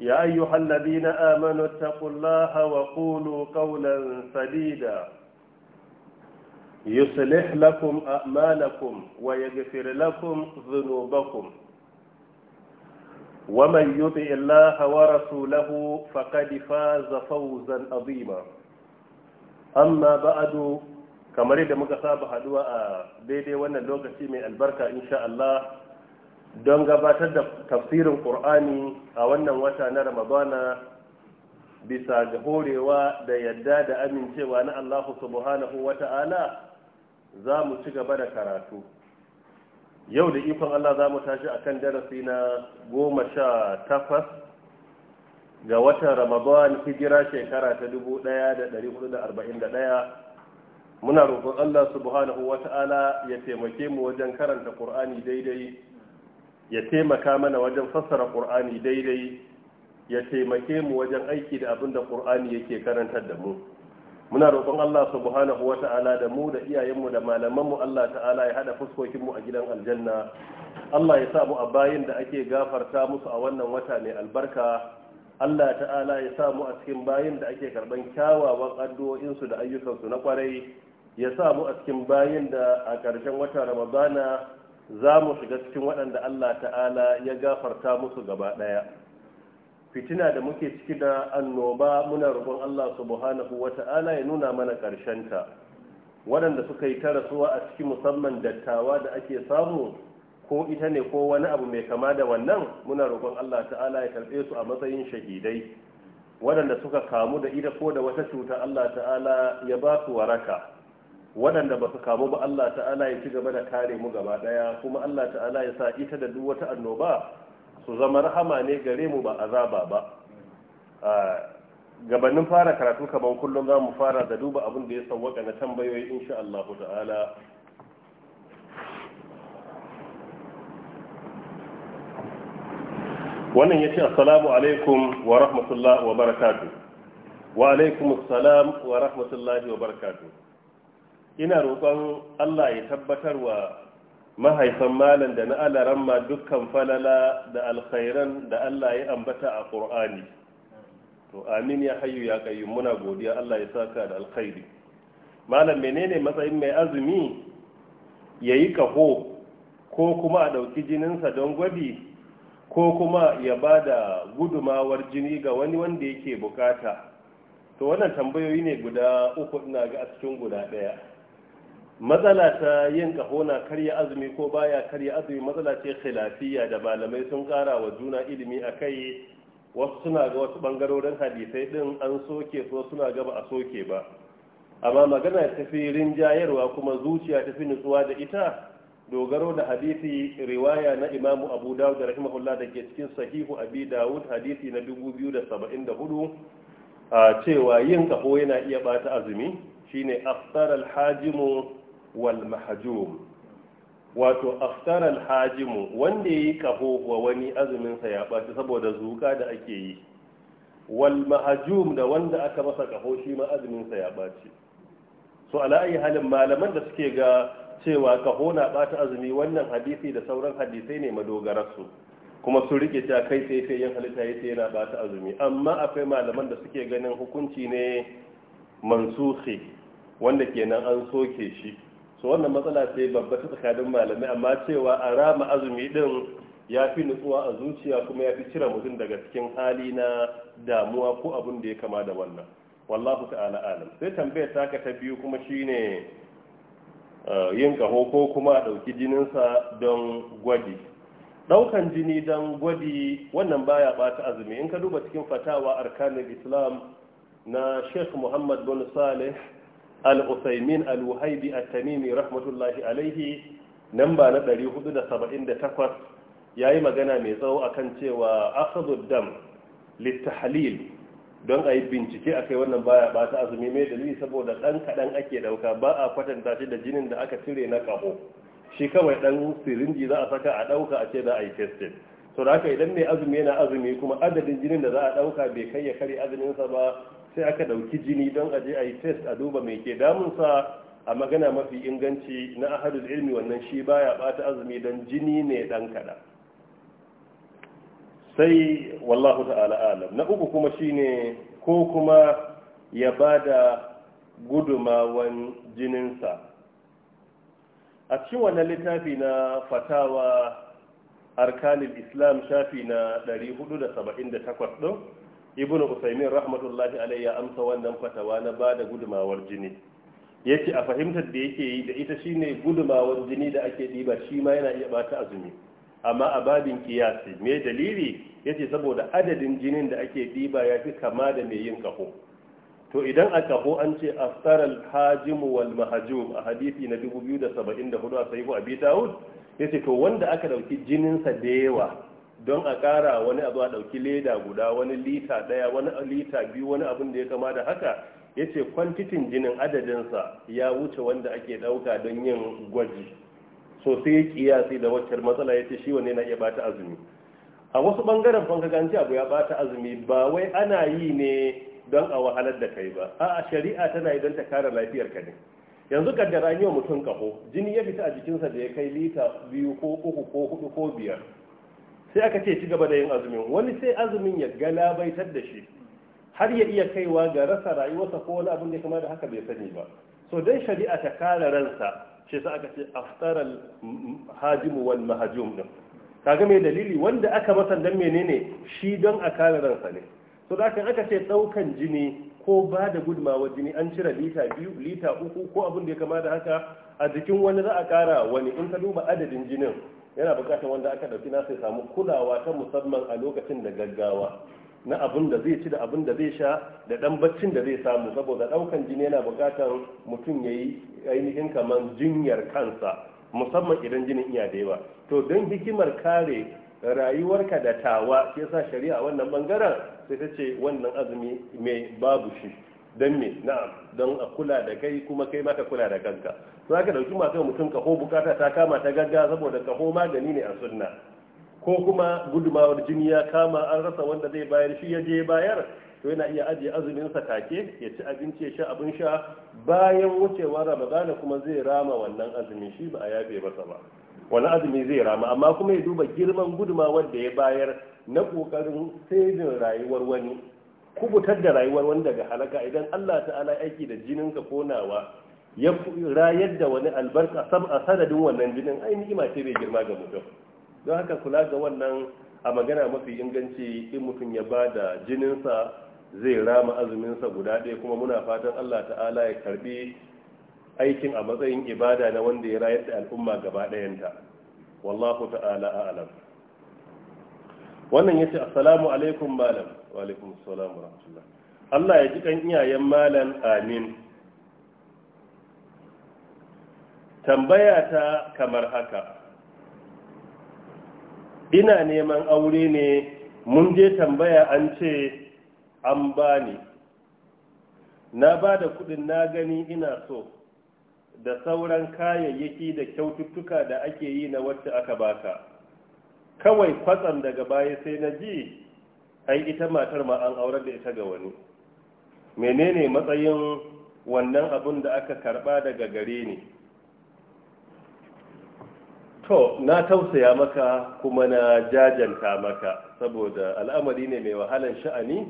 يا أيها الذين آمنوا اتقوا الله وقولوا قولا سديدا يصلح لكم أعمالكم ويغفر لكم ذنوبكم ومن يطع الله ورسوله فقد فاز فوزا عظيما أما بعد كما رد مكتاب هدوء بيدي وانا لوغتي من البركة إن شاء الله don gabatar da tafsirin ƙur'ani a wannan wata na ramadana bisa ga horewa da yadda da amincewa na allahu subhanahu wa ta'ala za mu ci gaba da karatu yau da ikon allah za mu tashi a kan darasi na goma sha takwas ga watan ramadan hijira shekara ta 1441 muna roƙon allah subhanahu wa ta'ala ya taimake mu wajen karanta ƙur'ani daidai ya taimaka mana wajen fassara ƙur'ani daidai ya taimake mu wajen aiki da abin da ƙur'ani yake karantar da mu muna roƙon Allah subhanahu ta'ala, da mu da iyayenmu da malamanmu Allah ta'ala ya hada fuskokinmu a gidan aljanna Allah ya sa mu a bayin da ake gafarta musu a wannan wata mai albarka Allah ta'ala ya sa mu a cikin bayin da ake karban kyawawan addu'o'insu da ayyukansu na kwarai ya sa mu a cikin bayin da a ƙarshen wata Ramadana za mu shiga cikin waɗanda Allah ta'ala ya gafarta musu gaba ɗaya fitina da muke ciki da annoba muna roƙon Allah subhanahu wata'ala ya nuna mana ƙarshenta waɗanda suka yi ta rasuwa a cikin musamman dattawa da ake samu ko ita ne ko wani abu mai kama da wannan muna roƙon Allah ta'ala ya karɓe su a matsayin shahidai waɗanda suka kamu da ita ko da wata cuta Allah ta'ala ya ba su waraka waɗanda ba su kamu ba Allah ta'ala ya ci gaba da kare mu gaba ɗaya kuma Allah ta'ala ya sa ita da duk wata annoba su zama rahama ne gare mu ba azaba ba gabanin fara karatu kaman kullum za mu fara da duba abin da ya sauwaka na tambayoyi insha Allah ta'ala wannan ya ce assalamu alaikum wa rahmatullahi wa barakatuh wa alaikum assalam wa rahmatullahi wa barakatuh ina roƙon Allah ya tabbatar wa mahaifan malam da na alaran dukkan falala da alkhairan da Allah ya ambata a ƙur'ani to amin ya hayu ya kayyum muna godiya Allah ya saka da alkhairi malam menene matsayin mai azumi yayi kaho ko kuma a ɗauki jininsa don gwabi ko kuma ya ba da gudumawar jini ga wani wanda yake bukata to wannan tambayoyi ne guda uku ina ga a cikin guda ɗaya matsala ta yin kaho na karya azumi ko baya karya azumi matsala ce khilafiya da malamai sun kara wa juna ilimi a kai wasu suna ga wasu bangarorin hadisai din an soke so suna ga a soke ba amma magana ta fi rinjayarwa kuma zuciya ta fi nutsuwa da ita dogaro da hadisi riwaya na imamu abu dawud da rahimahullah da ke cikin sahihu abi dawud hadisi na da 2074 a cewa yin kaho yana iya bata azumi shine aftar alhajimu wal mahjum wato aftar hajimu wanda yayi kaho wa wani azumin sa ya baci saboda zuka da ake yi wal mahjum da wanda aka masa kaho shi ma azumin sa ya baci so ala ayi halin malaman da suke ga cewa kaho na ɓata azumi wannan hadisi da sauran hadisai ne madogararsu kuma su rike ta kai sai sai yin halitta ya ce yana bata azumi amma akwai malaman da suke ganin hukunci ne mansuhi wanda kenan an soke shi so wannan matsala ce babba ta tsakanin malamai amma cewa a rama azumi din ya fi nutsuwa a zuciya kuma ya fi cire mutum daga cikin hali na damuwa ko abin da ya kama da wannan wallahu ta'ala alam sai tambayar taka ta biyu kuma shine eh, yin kaho ko kuma a ɗauki jininsa don gwadi ɗaukan jini don gwadi wannan baya ɓata azumi in ka duba cikin fatawa arkanin islam na sheikh muhammad bin salih al-usaimin al-wahaibi at-tamimi rahmatullahi alaihi namba na 478 yi magana mai tsawo a kan cewa akhdhu dam litahlil don ayi bincike a kai wannan baya ba ta azumi mai dalili saboda ɗan kaɗan ake ɗauka ba a kwatanta shi da jinin da aka cire na kaho shi kawai ɗan sirinji za a saka a ɗauka a ce da ayi tested to da haka idan mai azumi yana azumi kuma adadin jinin da za a ɗauka bai kai ya kare azuminsa ba sai aka ɗauki jini don aje a yi test a duba mai ke damunsa a magana mafi inganci na ahadul ilmi wannan shi baya bata azumi don jini ne dan kada sai wallahu ta'ala alam na uku kuma shine ko kuma ya ba da gudumawan jininsa a cikin wannan littafi na fatawa arkanin islam shafi na 478 ɗin ibn usaimin rahmatullahi alayhi ya amsa wannan fatawa na bada gudumawar jini ya ce a fahimtar da yake yi da ita shine gudumawar jini da ake ɗiba shi ma yana iya bata azumi amma a babin kiyasi me dalili ya ce saboda adadin jinin da ake ɗiba ya fi kama da mai yin kaho to idan a kaho an ce aftaral hajimu wal mahajum a hadisi na 2074 a sahihu abi ya ce to wanda aka ɗauki jininsa da yawa don a kara wani abu a ɗauki leda guda wani lita ɗaya wani lita biyu wani abin da ya kama da haka ya ce kwantitin jinin adadinsa ya wuce wanda ake ɗauka don yin gwaji so sai kiyasi da wacce matsala ya ce shi wani na iya bata azumi a wasu ɓangaren fankaganci abu ya bata azumi ba wai ana yi ne don a wahalar da kai ba a shari'a tana yi don ta kare lafiyar ka ne yanzu kaddara yau mutum kaho jini ya fita a jikinsa da ya kai lita biyu ko uku ko hudu ko biyar sai aka ce ci gaba da yin azumin wani sai azumin ya galabaitar da shi har ya iya kaiwa ga rasa rayuwarsa ko wani abin da kamar da haka bai sani ba so dai shari'a ta kare ransa shi sa aka ce aftaral hajimu wal mahjum din kaga mai dalili wanda aka masa dan menene shi don a kare ransa ne so da aka ce daukan jini ko ba da gudunmawar jini an cire lita biyu lita uku ko abin da ya kama da haka a jikin wani za a kara wani in ka duba adadin jinin yana bukatar wanda aka dauki nasa ya samu kulawa ta musamman a lokacin da gaggawa na abin da zai ci da abun da zai sha da dan baccin da zai samu saboda daukan jini yana bukatar mutum ya yi ainihin kamar jinyar kansa musamman idan jinin iya da yawa to don hikimar kare rayuwarka da tawa shi yasa shari'a wannan bangaren sai ta ce wannan azumi mai babu shi don me na'am don a kula da kai kuma kai maka kula da kanka za ka dauki masu mutum kaho bukata ta kama ta gagga saboda kaho magani ne a sunna ko kuma gudumawar jini ya kama an rasa wanda zai bayar shi ya je bayar to yana iya ajiye azumin sa take ya ci abinci ya sha abin sha bayan wucewar ramadana kuma zai rama wannan azumin shi ba a yabe masa ba wani azumi zai rama amma kuma ya duba girman gudumawar da ya bayar na kokarin saving rayuwar wani kubutar da rayuwar wani daga halaka idan Allah ta'ala aiki da jinin ka konawa ya rayar da wani albarka sab a sanadin wannan jinin ai ni'ima ce bai girma ga mutum don haka kula ga wannan a magana mafi inganci in mutum ya ba da jininsa zai rama azuminsa guda ɗaya kuma muna fatan Allah ta'ala ya karbi aikin a matsayin ibada na wanda ya rayar da al'umma gaba ɗayanta wallahu ta'ala a'lam wannan yace assalamu alaikum malam alaikum rahmatullah Allah ya ji kan iyayen malam amin tambaya ta kamar haka ina neman aure ne mun je tambaya an ce an bani na ba da kudin na gani ina so da sauran kayayyaki da kyaututtuka da ake yi na wacce aka baka kawai kwatsam daga baya sai na ji ai ita matar ma an aurar da ita ga wani menene matsayin wannan abun da aka karba daga gare ni to na tausaya maka kuma na jajanta maka saboda al'amari ne mai wahalan sha'ani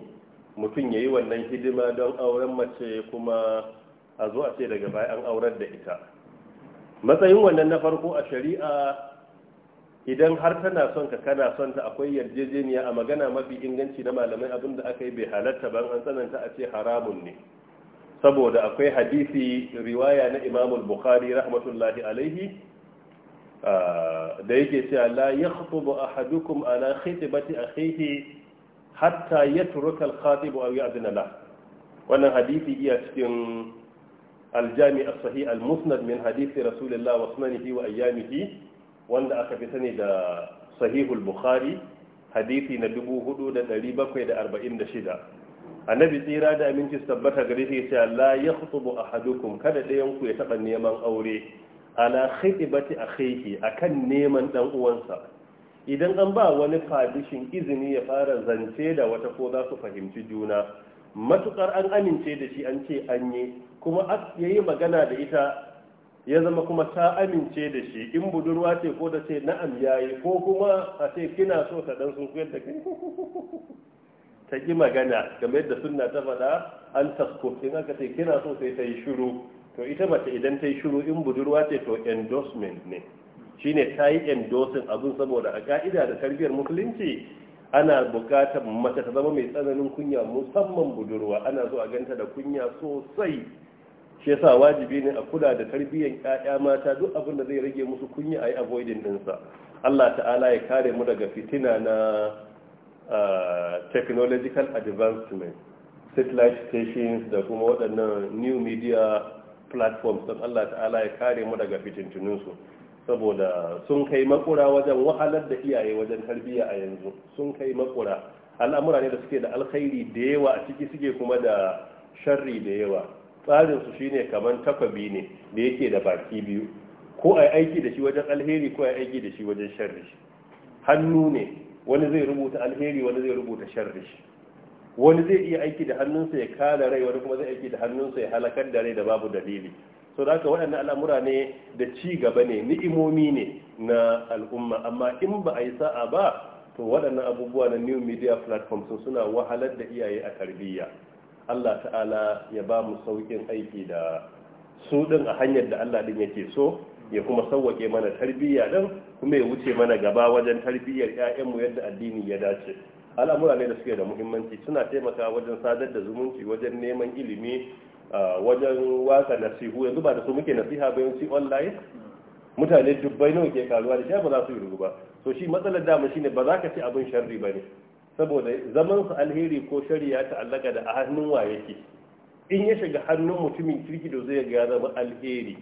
mutum ya yi wannan hidima don auren mace kuma a zo a ce daga bayan an aurar da ita matsayin wannan na farko a shari'a idan har tana son ka kana son ta akwai yarjejeniya a magana mafi inganci na malamai abin da aka yi bai halatta ban an tsananta a ce haramun ne saboda akwai hadisi riwaya na imamul bukhari rahmatullahi alaihi da yake cewa la yakhtubu ahadukum ala khitbati akhihi hatta yatruka al-khatib aw ya'dina la wannan hadisi iya cikin al-jami' as-sahih al-musnad min hadisi rasulillah wa wa ayyamihi wanda aka fi sani da sahihul bukhari hadisi na 4746 annabi tsira da aminci tabbata gare shi ya la yakhutubu ahadukum kada ɗayan ku ya taɓa neman aure ala khitibati akhihi akan neman dan uwansa idan an ba wani fadishin izini ya fara zance da wata ko za su fahimci juna matukar an amince da shi an ce an yi kuma yayi magana da ita ya zama kuma ta amince da shi in budurwa ce ko da ce na'am yayi ko kuma a ce kina so ta dan sun kuyar da ta ki magana game da sunna ta faɗa an tasko in aka ce kina so sai ta yi shiru to ita mace idan ta yi shiru in budurwa ce to endorsement ne shine ta yi endorsing abun saboda a ka'ida da tarbiyyar musulunci ana bukatar mace ta zama mai tsananin kunya musamman budurwa ana so a ganta da kunya sosai shi yasa wajibi ne a kula da tarbiyyar ƴaƴa mata duk abin da zai rage musu kunya ayi avoiding ɗinsa Allah ta'ala ya kare mu daga fitina na technological advancement satellite stations da kuma waɗannan new media platforms don Allah ta'ala ya kare mu daga su saboda sun kai makura wajen wahalar da iyaye wajen tarbiyya a yanzu sun kai makura al'amura ne da suke da alkhairi da yawa a ciki suke kuma da sharri da yawa tsarin su shine kaman takwabi ne da yake da baki biyu ko ai aiki da shi wajen alheri ko ai aiki da shi wajen sharri hannu ne wani zai rubuta alheri wani zai rubuta sharri wani zai iya aiki da hannunsa ya kare rai wani kuma zai aiki da hannunsa ya halakar da rai da babu dalili so da haka waɗannan al'amura ne da ci gaba ne ni'imomi ne na al'umma amma in ba a yi sa'a ba to waɗannan abubuwa na new media platforms suna wahalar da iyaye a tarbiyya Allah ta'ala ya ba mu saukin aiki da su ɗin a hanyar da Allah din yake so ya kuma sauwake mana tarbiyya ɗin, kuma ya wuce mana gaba wajen tarbiyyar 'ya'yanmu yadda addini ya dace al'amura ne da suke da muhimmanci suna taimakawa wajen sadar da zumunci wajen neman ilimi wajen waka nasihu yanzu ba da su muke nasiha ba yawanci online mutane dubbai nawa ke karuwa da shi ba za su yi rubu ba to shi matsalar dama shine ba za ka ci abin sharri ba ne saboda zaman alheri ko shari'a ta allaka da a hannun wa yake in ya shiga hannun mutumin kirki da zai ga zama alheri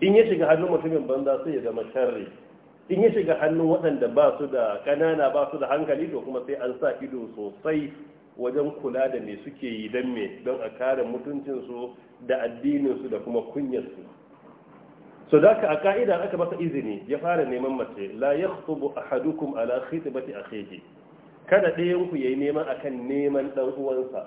in ya shiga hannun mutumin banza sai ya zama sharri in ya shiga hannun waɗanda ba su da ƙanana ba su da hankali to kuma sai an sa ido sosai wajen kula da me suke yi dan me don a kare mutuncinsu da addininsu da kuma kunyarsu so da a ka'ida aka masa izini ya fara neman mace la yakhtubu ahadukum ala khitbati akhihi kada ɗayan ku yi neman akan neman ɗan’uwansa uwansa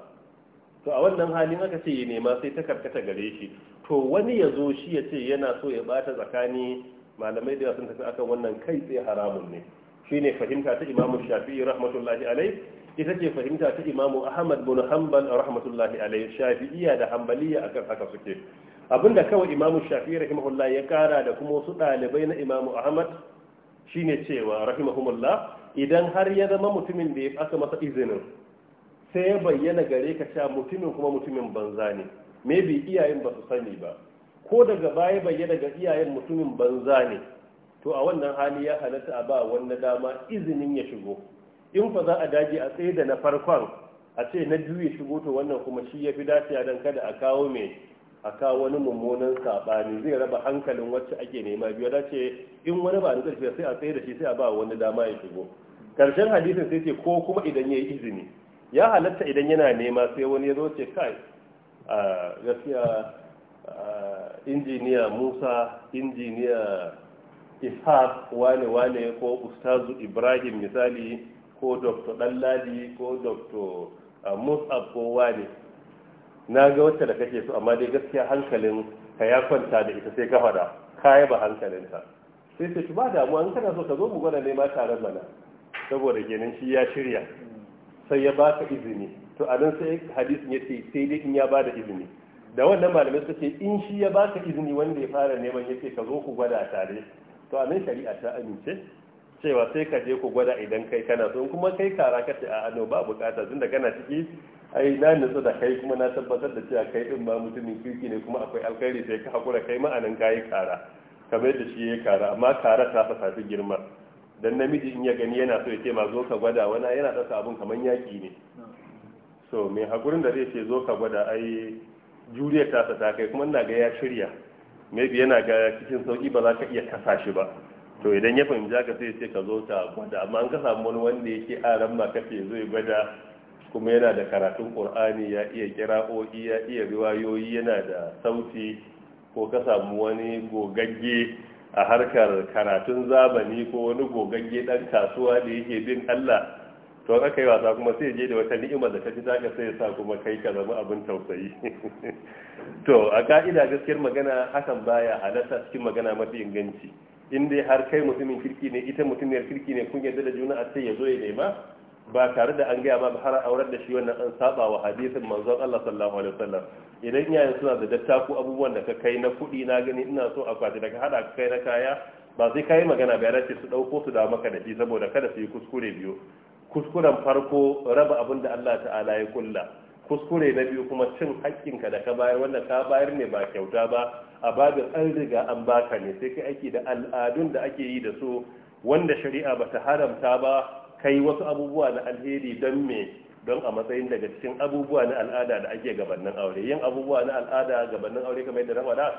to a wannan halin aka ce ya nema sai ta karkata gare shi to wani ya zo shi ya ce yana so ya bata tsakani malamai da sun tafi akan wannan kai tsaye haramun ne Shi ne fahimta ta imamu shafi'i rahmatullahi alai ita ce fahimta ta imamu ahmad bin hanbal rahmatullahi alai shafi'iyya da hanbaliya akan haka suke abinda kawai imamu shafi'i rahimahullah ya kara da kuma wasu ɗalibai na imamu ahmad shine cewa rahimahumullah idan har ya zama mutumin da ya aka masa izinin sai ya bayyana gare ka cewa mutumin kuma mutumin banza ne maybe iyayen ba su sani ba ko daga baya bayyana ga iyayen mutumin banza ne to a wannan hali ya halatta a ba wannan dama izinin ya shigo in fa za a dage a tsaye da na farkon a ce na juye ya shigo to wannan kuma shi ya fi dacewa don kada a kawo mai a kawo wani mummunan saɓani zai raba hankalin wacce ake nema biyu da ce in wani ba ni ƙarshe sai a tsaye da shi sai a ba wani dama ya shigo karshen hadisin sai ce ko kuma idan ya yi izini ya halatta idan yana nema sai wani ya zo ce kai a gaskiya injiniya musa injiniya ishaq wane wane ko ustazu ibrahim misali ko dr ɗanladi ko dr musab ko wane na ga wacce da kake so amma dai gaskiya hankalin ka ya kwanta da ita sai ka fada kaya ba hankalinta sai sai ba damuwa in kana so ka zo mu gwada nema tare mana saboda kenan shi ya shirya sai ya ba ka izini to a nan sai hadisin ya ce sai dai in ya ba da izini da wannan malamai suka ce in shi ya ba ka izini wanda ya fara neman ya ce ka zo ku gwada tare to a nan shari'a ta amince cewa sai ka je ku gwada idan kai kana so kuma kai kara ka ce a no ba bukata tunda kana ciki ai na nutsu da kai kuma na tabbatar da cewa kai din ma mutumin kirki ne kuma akwai alkhairi sai ka hakura kai ma'anan kayi kara kamar yadda shi yayi kara amma kara ta fa ta girma dan namiji in ya gani yana so ya ce ma zo ka gwada wani yana ɗauka abun kamar yaki ne so mai hakurin da zai ce zo ka gwada ai juriyar sa ta kai kuma ina ga ya shirya maybe yana ga cikin sauki ba za ka iya kasa shi ba to idan ya fahimci haka sai ce ka zo ta gwada amma an ka samu wani wanda yake aran ma kafe zo ya gwada kuma yana da karatun ƙur'ani ya iya kira'o'i ya iya riwayoyi yana da sauti ko ka samu wani gogagge a harkar karatun zamani ko wani gogagge ɗan kasuwa da yake bin Allah to aka yi wasa kuma sai je da wata ni'ima da kaji zaka sai ya sa kuma kai ka zama abin tausayi to a ka'ida gaskiyar magana hakan baya halatta cikin magana mafi inganci in dai har kai mutumin kirki ne ita mutumiyar kirki ne kun yadda da juna a sai ya zo ya nema ba tare da an gaya ba har aurar da shi wannan an saba wa hadisin manzon Allah sallallahu alaihi wasallam idan yayin suna da dattaku abubuwan da ka kai na kudi na gani ina so akwati daga hada ka kai na kaya ba sai kai magana ba ya su dauko su da maka da shi saboda kada su yi kuskure biyu kuskuren farko raba abin da Allah ta'ala ya kulla kuskure na biyu kuma cin ka da ka bayar wanda ka bayar ne ba kyauta ba a babin an riga an baka ne sai kai aiki da al'adun da ake yi da su wanda shari'a bata haramta ba kai wasu abubuwa na alheri don me don a matsayin daga cikin abubuwa na al'ada da ake gabanin aure yin abubuwa na al'ada gabanin aure kamar yadda ramada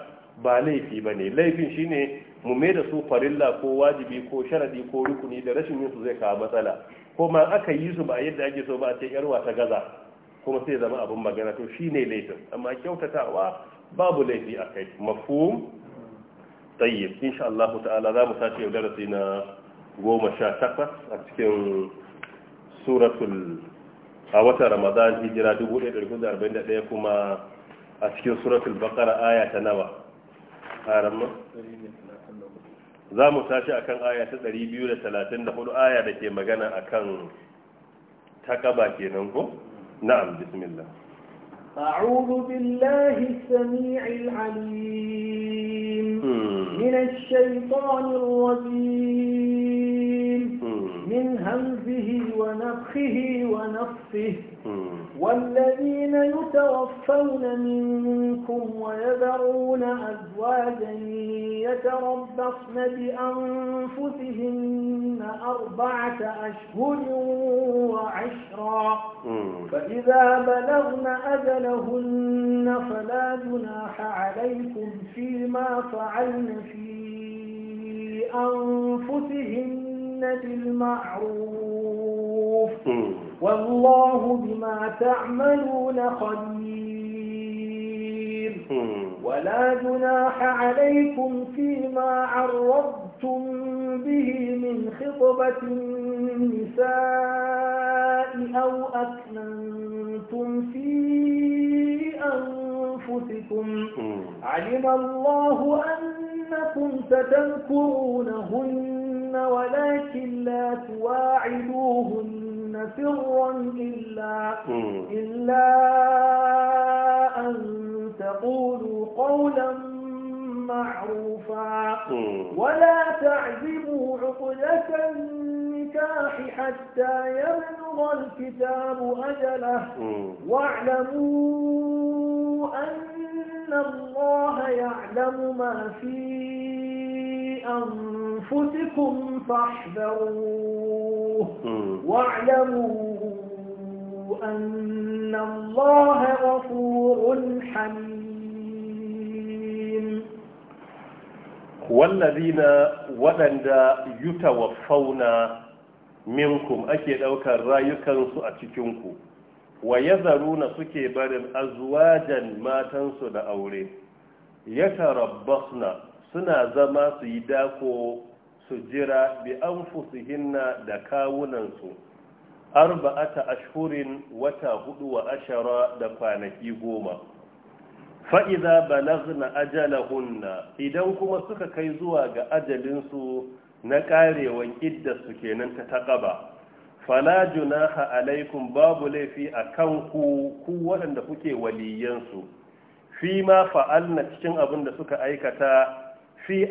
ba laifi ba ne laifin shine mu mai da su farilla ko wajibi ko sharadi ko rukuni da rashin yin su zai kawo matsala ko ma aka yi su ba yadda ake so ba a ce yarwa ta gaza kuma sai zama abin magana to shine laifin amma kyautatawa babu laifi a kai mafhum tayyib insha Allah ta'ala za mu sace yau darasi na goma sha takwas a cikin suratul a watan ramadan hijira ɗaya kuma a cikin suratul bakara aya ta nawa haramma za mu tashi akan aya ta 234 aya da ke magana akan takaba kenan ko na'am bismillah أعوذ بالله السميع العليم من الشيطان الرجيم من همزه ونفخه ونفخه والذين يتوفون منكم ويذرون أزواجا يتربصن بأنفسهن أربعة أشهر وعشرا فإذا بلغن أجلهن فلا جناح عليكم فيما فعلن في أنفسهن بالمعروف بالمعروف والله بما تعملون خبير ولا جناح عليكم فيما عرضتم به من خطبة النساء أو أكننتم في أنفسكم علم الله أنكم ستذكرونهن تواعدوهن ولكن لا تواعدوهن سرا إلا, إلا أن تقولوا قولا معروفا ولا تعزموا عقدة النكاح حتى يبلغ الكتاب أجله واعلموا أن الله يعلم ما فيه أنفسكم فاحذروه واعلموا أن الله غفور حليم والذين ولند يتوفون minkum ake ɗaukar rayukansu a cikinku wa ya zaruna suke barin azwajan matansu da aure ya tarabbasna suna zama su yi dako su jira bi an fusihinna da kawunansu arba'ata ashurin wata hudu wa ashara da kwanaki goma fa'iza ajala hunna, idan kuma suka kai zuwa ga ajalinsu na karewan su kenan ta taƙaba fala junaha alaikum babu laifi a kan ku ku waɗanda kuke waliyansu fi ma na cikin abin da suka aikata fi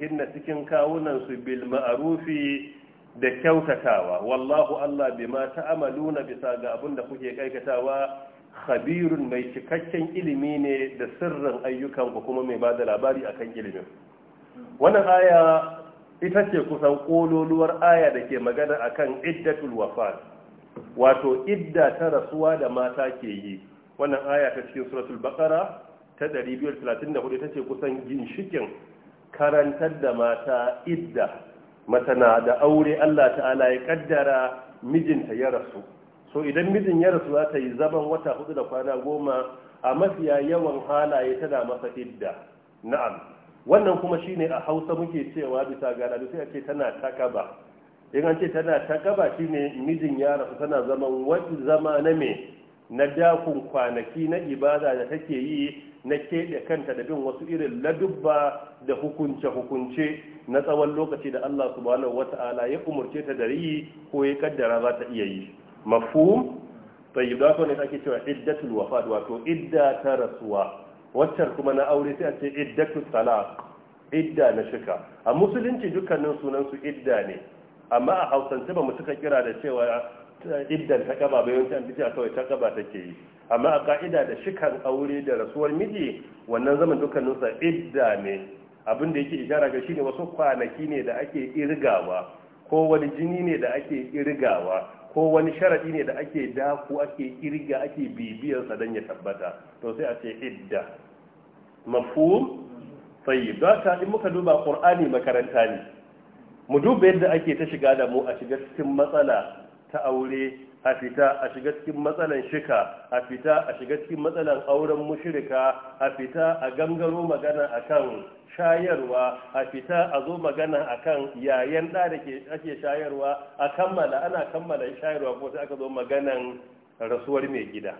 hinna cikin kawunan su bil ma'arufi da kyautatawa wallahu Allah bima ta'amaluna bisa ga abin da kuke kaikatawa khabirun mai cikakken ilimi ne da sirrin ayyukan ku kuma mai bada labari akan ilimin wannan aya ita ce kusan kololuwar aya da ke magana akan iddatul wafat wato idda ta rasuwa da mata ke yi wannan aya ta cikin suratul baqara ta 234 ita ce kusan ginshikin karantar da mata idda mata na da aure Allah ta'ala ya kaddara mijinta ya rasu so idan mijin ya rasu za ta yi zaban wata hudu da kwana goma a mafiya yawan halaye tana masa idda na'am wannan kuma shine a hausa muke cewa bisa ga da sai a ce tana takaba in an ce tana takaba shine mijin ya rasu tana zaman wani zama na me na dakun kwanaki na ibada da take yi na keɓe kanta da bin wasu irin ladubba da hukunce-hukunce na tsawon lokaci da Allah subhanahu ta'ala ya umurce ta da yi ko ya kaddara za ta iya yi mafhum tayyib da ne ake cewa iddatul wafat wato idda ta rasuwa waccan kuma na aure sai a ce iddatul talaq idda na shika a musulunci dukkanin sunan su idda ne amma a hausance ba mu suka kira da cewa iddan ta kaba bai wancan ta kawai ta gaba take yi amma a ka'ida da shikan aure da rasuwar miji wannan zaman dukkaninsa idda ne abin da yake ishara ga shine wasu kwanaki ne da ake irgawa ko wani jini ne da ake irgawa ko wani sharadi ne da ake daku ake irga ake bibiyar sa dan ya tabbata to sai a ce idda mafhum tayyib da ta in muka duba qur'ani makaranta ne mu duba yadda ake ta shiga da mu a shiga cikin matsala ta aure a fita a shiga cikin matsalan shika a fita a shiga cikin matsalan auren mushirika a fita a gangaro magana akan shayarwa a fita a zo magana akan yayan da da ake shayarwa a kammala ana kammala shayarwa ko sai aka zo maganan rasuwar mai gida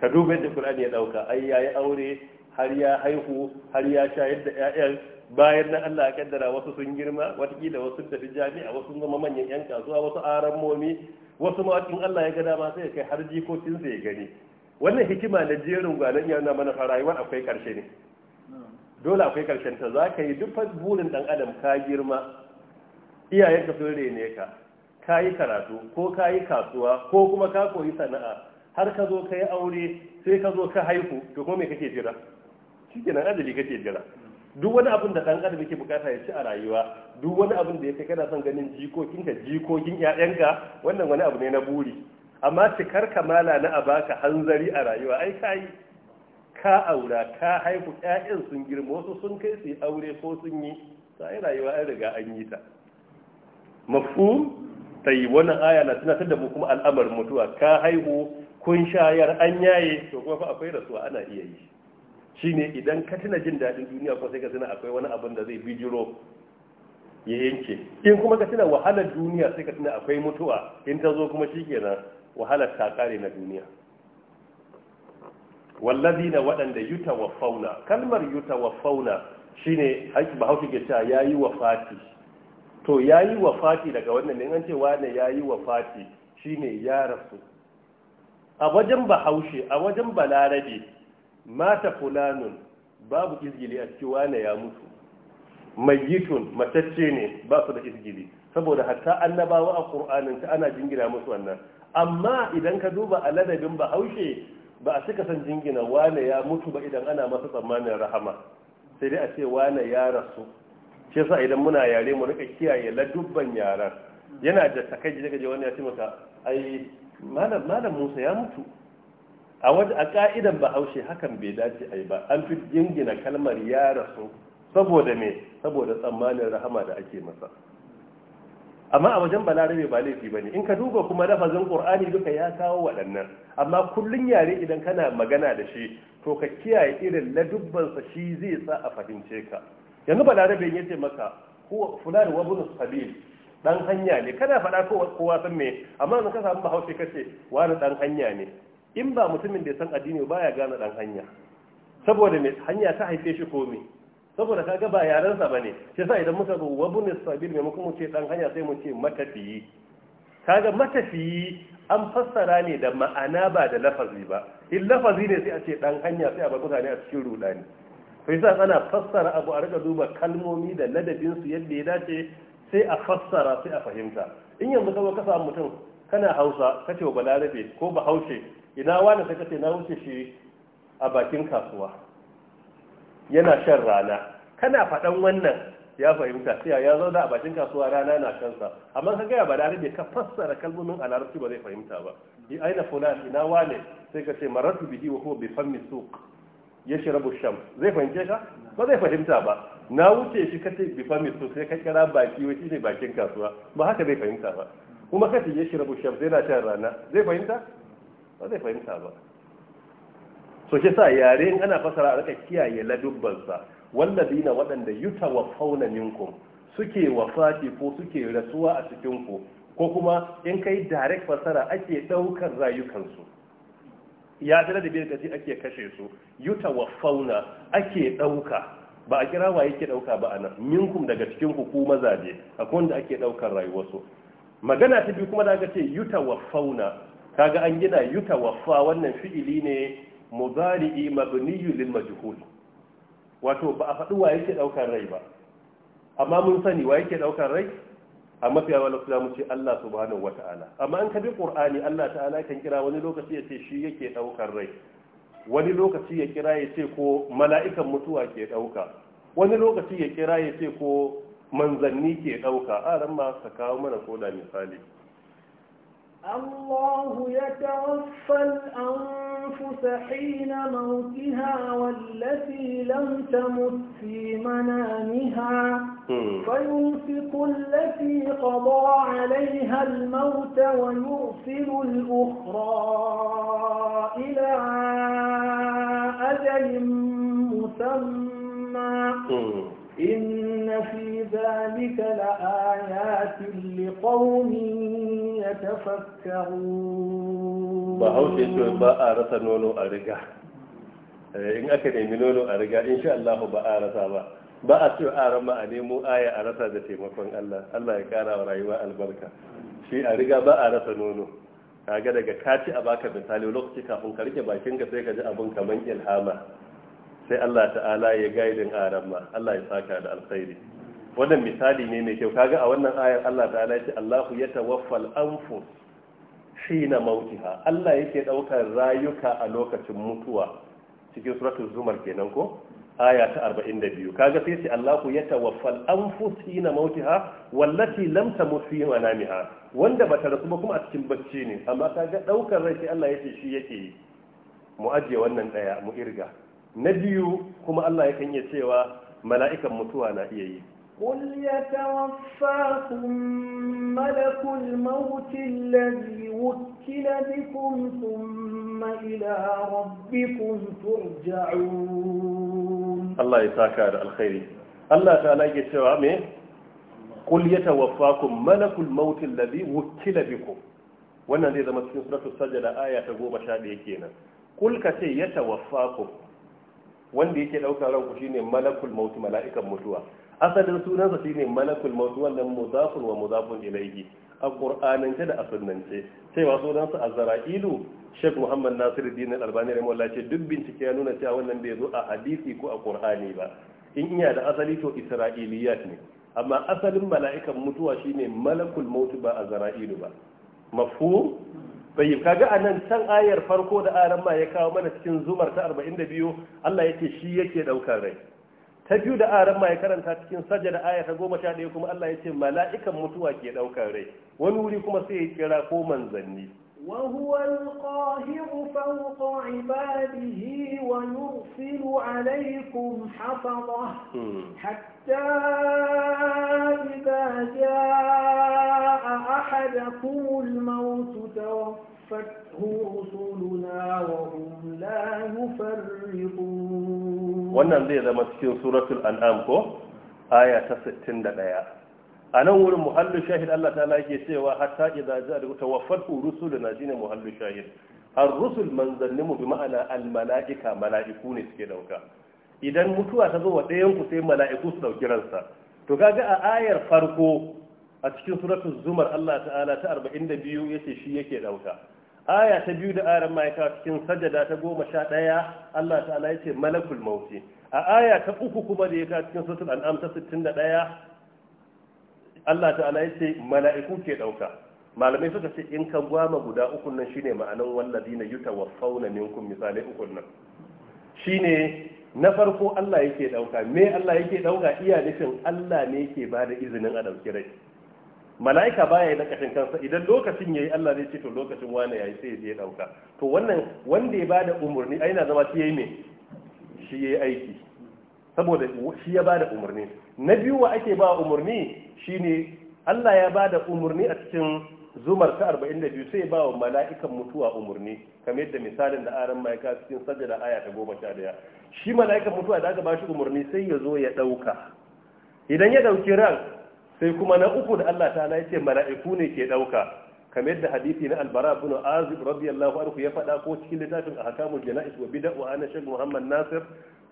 ka duba yadda Qur'ani ya dauka ai yayi aure har ya haihu har ya shayar da 'ya'yan bayan nan Allah ya kaddara wasu sun girma watakila wasu tafi jami'a wasu zama manyan yan kasuwa wasu aran momi wasu ma in Allah ya gada dama sai ya kai har jikokin sa ya gani wannan hikima na jerin gwanan ya nuna mana rayuwar akwai karshe ne dole akwai karshen ta za ka yi duk burin dan adam ka girma ka sun rene ka ka yi karatu ko ka yi kasuwa ko kuma ka koyi sana'a har ka zo ka yi aure sai ka zo ka haihu to kuma me kake jira shi kenan kake jira duk wani abin da dan adam yake bukata ya ci a rayuwa duk wani abin da ya yake kana son ganin jikokinka jikokin 'ya'yanka, wannan wani abu ne na buri amma cikar kamala na a baka hanzari a rayuwa ai kai ka aura ka haihu ƴaƴan sun girma wasu sun kai su aure ko sun yi sai rayuwa an riga an yi ta mafhum tayi wannan aya na tunatar da mu kuma al'amarin mutuwa ka haihu kun shayar an yaye to kuma fa akwai rasuwa ana iya yi Shi ne idan ka tuna jin daɗin duniya kuma sai ka tuna akwai wani abin da zai bijiro ya yanke in kuma ka tuna wahalar duniya sai ka tuna akwai mutuwa in ta zo kuma shi na wahalar ta kare na duniya wallazi na waɗanda yuta wa fauna kalmar yuta wa fauna shi ne ba hauki ke cewa yi wa fati to ya yi wa fati daga wannan ne an ce wane yayi wa fati shi ne ya rasu a wajen bahaushe a wajen balarabe mata fulanun babu izgili a cikin wane ya mutu Mai mayyitun matacce ne ba su da izgili saboda hatta annabawa a qur'anin ta ana jingina musu wannan amma idan ka duba a ladabin bahaushe ba a cika san jingina wane ya mutu ba idan ana masa tsammanin rahama sai dai a ce wane ya rasu shi yasa idan muna yare mu rika kiyaye ladubban yaran yana da takaici daga je wani ya ce maka ai malam malam Musa ya mutu a wajen a ka'idan ba haushe hakan bai dace a yi ba an fi jingina kalmar ya rasu saboda me saboda tsammanin rahama da ake masa amma a wajen balarabe ba laifi ba ne in ka duba kuma lafazin ƙur'ani duka ya kawo waɗannan amma kullum yare idan kana magana da shi to ka kiyaye irin ladubbansa shi zai sa a fahimce ka yanzu balarabe ya ce maka fulani wa bunu sabil dan hanya ne kana faɗa kowa san me amma in ka samu bahaushe kace wani dan hanya ne in ba mutumin da ya san addini ba ya gane dan hanya saboda hanya ta haife shi komai saboda saboda kaga ba yarensa bane shi yasa idan muka zo wabun sabil me mu ce dan hanya sai mu ce matafiyi kaga matafiyi an fassara ne da ma'ana ba da lafazi ba in lafazi ne sai a ce ɗan hanya sai a bar mutane a cikin rudani to yasa ana fassara abu a riga duba kalmomi da ladabin su yadda ya dace sai a fassara sai a fahimta in yanzu kawai ka samu mutum kana hausa kace wa balarabe ko bahaushe ina wani sai kace na wuce shi a bakin kasuwa yana shan rana kana faɗan wannan ya fahimta sai ya zauna a bakin kasuwa rana na kansa amma ka gaya ba da rabe ka fassara kalmomin a larabci ba zai fahimta ba bi aina fulan ina wani sai ka ce bihi wa huwa bi fammi suq yashrabu sham zai fahimce ka ba zai fahimta ba na wuce shi kace bi fammi suq sai ka kira baki wai shine bakin kasuwa ba haka zai fahimta ba kuma kace yashrabu sham zai na shan rana zai fahimta ba zai fahimta ba so ke sa yare in ana fasara a kiyaye ladubbansa na waɗanda fauna ninkum, suke wafati ko suke rasuwa a cikin ko kuma in kai direct fasara ake daukar rayukansu ya tare da biyar ake kashe su wa fauna ake dauka ba a kira wa yake ɗauka ba anan ninkum daga cikin ku ku mazaje akwai da ake ɗaukar rayuwarsu magana ta biyu kuma da aka ce wa fauna. kaga an gina yuta waffa wannan fi'ili ne mubari'i mabniyyu lil majhul wato ba a faɗi wa yake daukar rai ba amma mun sani wa yake daukar rai a mafiya wala kula mu ce Allah subhanahu wata'ala amma an kabi qur'ani Allah ta'ala kan kira wani lokaci ya ce shi yake daukar rai wani lokaci ya kira ya ce ko mala'ikan mutuwa ke dauka wani lokaci ya kira ya ce ko manzanni ke dauka a ran ma ka kawo mana koda misali الله يتوفى الأنفس حين موتها والتي لم تمت في منامها فيمسك التي قضى عليها الموت ويرسل الأخرى إلى أجل مسمى إن في ذلك لآيات لقوم يتفكرون بحوث يتوى باء رسا نونو أرقا إن من نونو أرقا إن شاء الله باء رسا با ba a ce eh, a rama a nemo aya الله rasa da taimakon Allah Allah ya kara wa rayuwa albarka shi kaga daga kaci a baka misali lokaci kafin karke bakin ka sai ka ji abin kamar ilhama sai Allah ta'ala ya gaidin aramma Allah ya saka da alkhairi wannan misali ne mai kyau kaga a wannan ayar Allah ta'ala ya ce Allahu yatawaffal anfus hina mautiha Allah yake daukar rayuka a lokacin mutuwa cikin suratul zumar kenan ko aya ta 42 kaga sai ce Allahu yatawaffal anfus hina mautiha wallati lam tamut fi manamiha wanda bata rasu ba kuma a cikin bacci ne amma kaga daukar rai sai Allah yace shi yake mu ajiye wannan daya mu irga na biyu kuma Allah ya kan iya cewa mala’ikan mutuwa na iya yi. Kul ya tawaffa kun malakul mawucin lalli wuki na bikun sun ma’ila rabbi kun Allah ya saka da alkhairi. Allah ta ala ya cewa me? Kul ya tawaffa kun malakul mawucin lalli wuki na bikun. Wannan zai zama cikin suratun da aya ta goma sha ɗaya kenan. Kul ka ce ya tawaffa kun wanda yake ɗaukar ranku shine malakul maut mala'ikan mutuwa asalin sunansa shine malakul maut wannan mudafun wa mudafun a qur'anance da a sunnance cewa sunansa azra'ilu Sheikh Muhammad Nasiruddin Al-Albani rahimahullah ce duk bincike ya nuna cewa wannan bai zo a hadisi ko a qur'ani ba in iya da asali to isra'iliyat ne amma asalin mala'ikan mutuwa shine malakul maut ba azra'ilu ba mafhum tayyib kaga anan can ayar farko da aran ma ya kawo mana cikin zumar ta 42 Allah yake shi yake daukar rai ta biyu da aran ma ya karanta cikin da aya ta goma 11 kuma Allah ya ce mala'ikan mutuwa ke daukar rai wani wuri kuma sai ya kira ko manzanni وهو القاهر فوق عباده ويرسل عليكم حفظه حتى إذا جاء أحدكم الموت توفته رسلنا وهم لا يفرطون wannan zai zama تكون سورة الأنعام آية aya 61 a nan wurin Muhallin shahid Allah ta yake cewa hatta idza ja'a da na shine Muhallin shahid An rusul mu bi ma'ana almala'ika mala'iku ne suke dauka idan mutuwa ta zo wa ɗayan ku sai mala'iku su dauki ransa to kaga a ayar farko a cikin suratul zumar Allah ta'ala ta 42 yace shi yake dauka aya ta biyu da aran ma'aika cikin sajada ta goma sha ɗaya Allah ta'ala ya ce malakul mauti a aya ta uku kuma da ya ka cikin suratul an'am ta 61 Allah ta'ala ya ce mala'iku ke ɗauka malamai suka ce in ka gwama guda uku nan shine ma'anan wallazi na yuta wa fauna minkum misali uku nan shine na farko Allah yake ɗauka me Allah yake ɗauka iya nufin Allah ne yake ba da izinin a ɗauki rai mala'ika baya na kashin kansa idan lokacin yayi Allah zai ce to lokacin wane yayi sai ya ɗauka to wannan wanda ya bada umarni aina zama shi yayi me shi yayi aiki saboda shi ya bada umarni na biyu wa ake ba umarni shine Allah ya bada umarni a cikin zumar ta 42 sai ba wa mala'ikan mutuwa umarni kamar yadda misalin da aran mai cikin sajada aya ta goma sha daya shi mala'ikan mutuwa da aka ba shi umarni sai ya zo ya ɗauka idan ya ɗauki ran sai kuma na uku da Allah ta ya ce mala'iku ne ke ɗauka. kamar yadda hadisi na albara bin azib radiyallahu anhu ya faɗa ko cikin littafin ahkamul jana'is wa bid'a wa ana shaykh muhammad nasir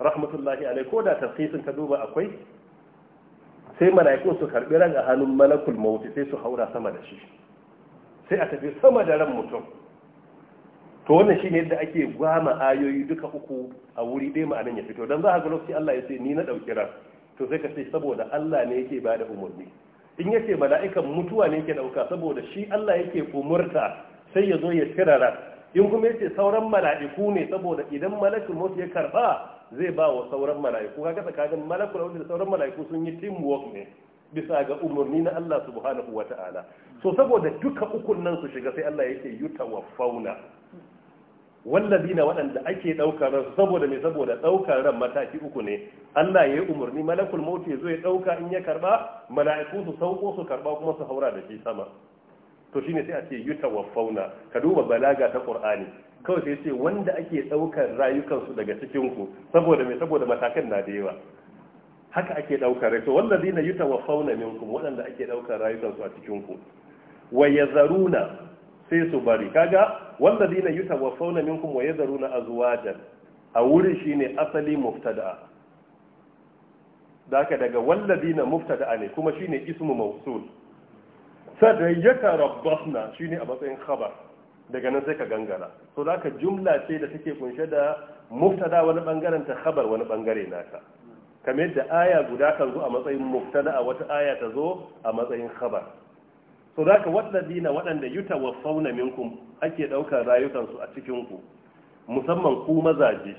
rahmatullahi alaihi ko da tafsirin ka duba akwai sai mala'ikun su karbi ran a hannun malakul maut sai su haura sama da shi sai a tafi sama da ran mutum to wannan shine yadda ake gwama ayoyi duka uku a wuri ɗaya ma'anan ya fito dan za ka ga lokaci Allah ya ce ni na dauki ran to sai ka ce saboda Allah ne yake bada umarni in yace mala'ikan mutuwa ne yake dauka saboda shi Allah yake kumurta sai yazo ya tirara in kuma yace sauran mala'iku ne saboda idan malakul maut ya karba zai ba wa sauran mala'iku kaga tsakanin malakul maut da sauran mala'iku sun yi team work ne bisa ga umarni na Allah subhanahu wata'ala so saboda duka ukun nan su shiga sai Allah yake yutawaffauna wallazina waɗanda ake ɗaukar ran saboda me saboda ɗaukar ran mataki uku ne Allah ya yi umarni malakul mauti ya zo ya ɗauka in ya karɓa mala'iku su sauko su karɓa kuma su haura da shi sama to shine sai a ce yutawaffauna ka duba balaga ta qur'ani kawai sai ce wanda ake ɗaukar rayukansu daga cikin ku saboda me saboda matakan na da yawa haka ake ɗaukar rai to wallazina yutawaffauna minkum waɗanda ake ɗaukar rayukansu a cikin ku wa yazaruna sai su bari kaga walladina yutawaffawna minkum wa na azwajan a wurin shine asali da daka daga walladina mubtada ne kuma shine ismu mausul sadai yatarabbasna shine a matsayin khabar daga nan sai ka gangara so daka jumla ce da take kunshe da mubtada wani bangaren ta khabar wani bangare naka kamar yadda aya guda kan zo a matsayin a wata aya ta zo a matsayin khabar to za ka waɗanda waɗanda yuta wa fauna minkum ake ɗaukar rayukansu a cikinku musamman ku mazaje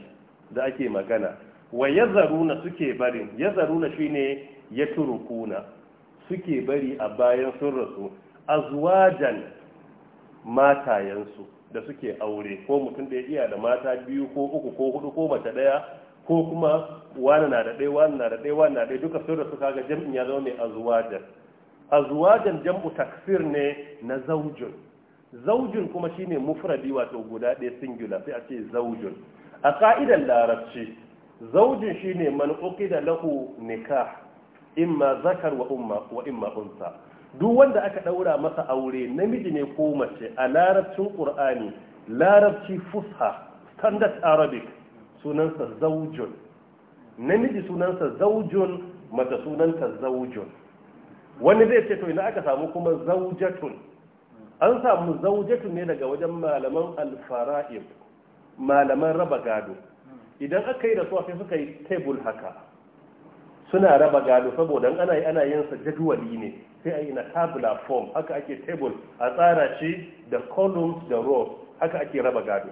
da ake magana wa yazaruna suke bari, yazaruna shine ya turukuna suke bari a bayan sun rasu azwajan matayensu da suke aure ko mutum da iya da mata biyu ko uku ko hudu ko mace daya ko kuma wani na da ɗaya wani na da ɗaya wani na ɗaya duka sun rasu kaga jam'in ya zama mai azwajan azwajan jam'u takfir ne na zaujun zaujun kuma shine mufradi wato guda ɗaya singular sai a ce zaujun a ka'idar larabci zaujin shine man uqida lahu nikah imma zakar wa umma wa imma unsa duk wanda aka daura masa aure namiji ne ko mace a larabcin qur'ani larabci fusha standard arabic sunansa zaujun namiji sunansa zaujun mace sunanta zaujun wani zai ce to ina aka samu kuma zaujatun an samu zaujatun ne daga wajen malaman alfara'im malaman raba gado idan aka yi da suwa sai suka yi tebul haka suna raba gado saboda ana yi ana yin sa jadwali ne sai a yi na tabular form haka ake tebul a tsara shi da columns da rows haka ake raba gado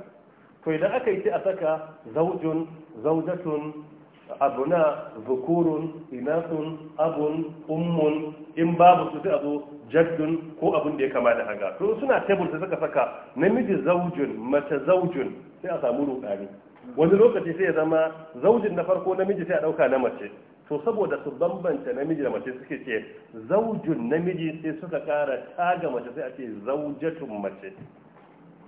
to idan aka yi sai a saka zaujun zaujatun abuna zukurun inasun abun ummun in babu su a zo jaddun ko abun da ya kama da haka to suna tebul sai saka saka namiji zaujun mace zaujun sai a samu rudani wani lokaci sai ya zama zaujin na farko namiji sai a dauka na mace to saboda su bambanta namiji da mace suke ce zaujun namiji sai suka kara taga mace sai a ce zaujatun mace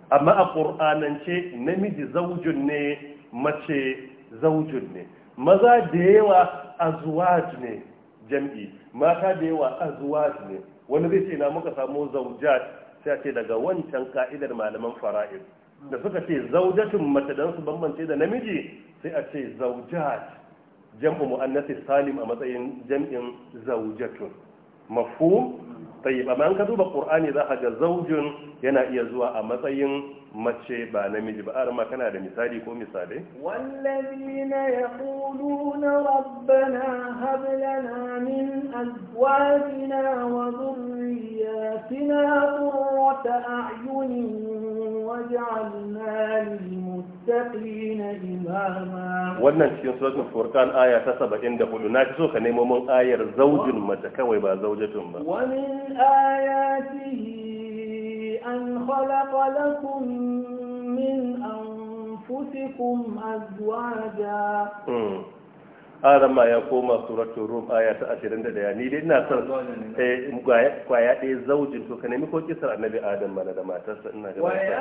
amma a Kur'anance namiji zaujun ne mace zaujun ne maza da yawa azwaj ne jam'i mata da yawa azwaj ne wani zai ce na muka samu zaujat sai ce daga wancan ka'idar malaman fara'id da suka ce zaujatin mace dan su bambance da namiji sai a ce zaujat jam'u mu'annasi salim a matsayin jam'in zaujatun mafhum tayyib amma an ka duba qur'ani za ka ga zaujun yana iya zuwa a matsayin mace ba namiji ba arma kana da misali ko misalai wallazina yaquluna rabbana hab lana min azwajina wa dhurriyyatina qurrata ayuni waj'alna lil muttaqina imama wannan cikin suratul furqan aya ta 74 na so ka nemo mun ayar zaujin mace kawai ba zaujatun ba wa min ayatihi أن خلق لكم من أنفسكم أزواجا ara ya koma الروم rum aya 21 ni dai ina son eh zaujin to ka ko kisar annabi adam da matarsa ina ga waya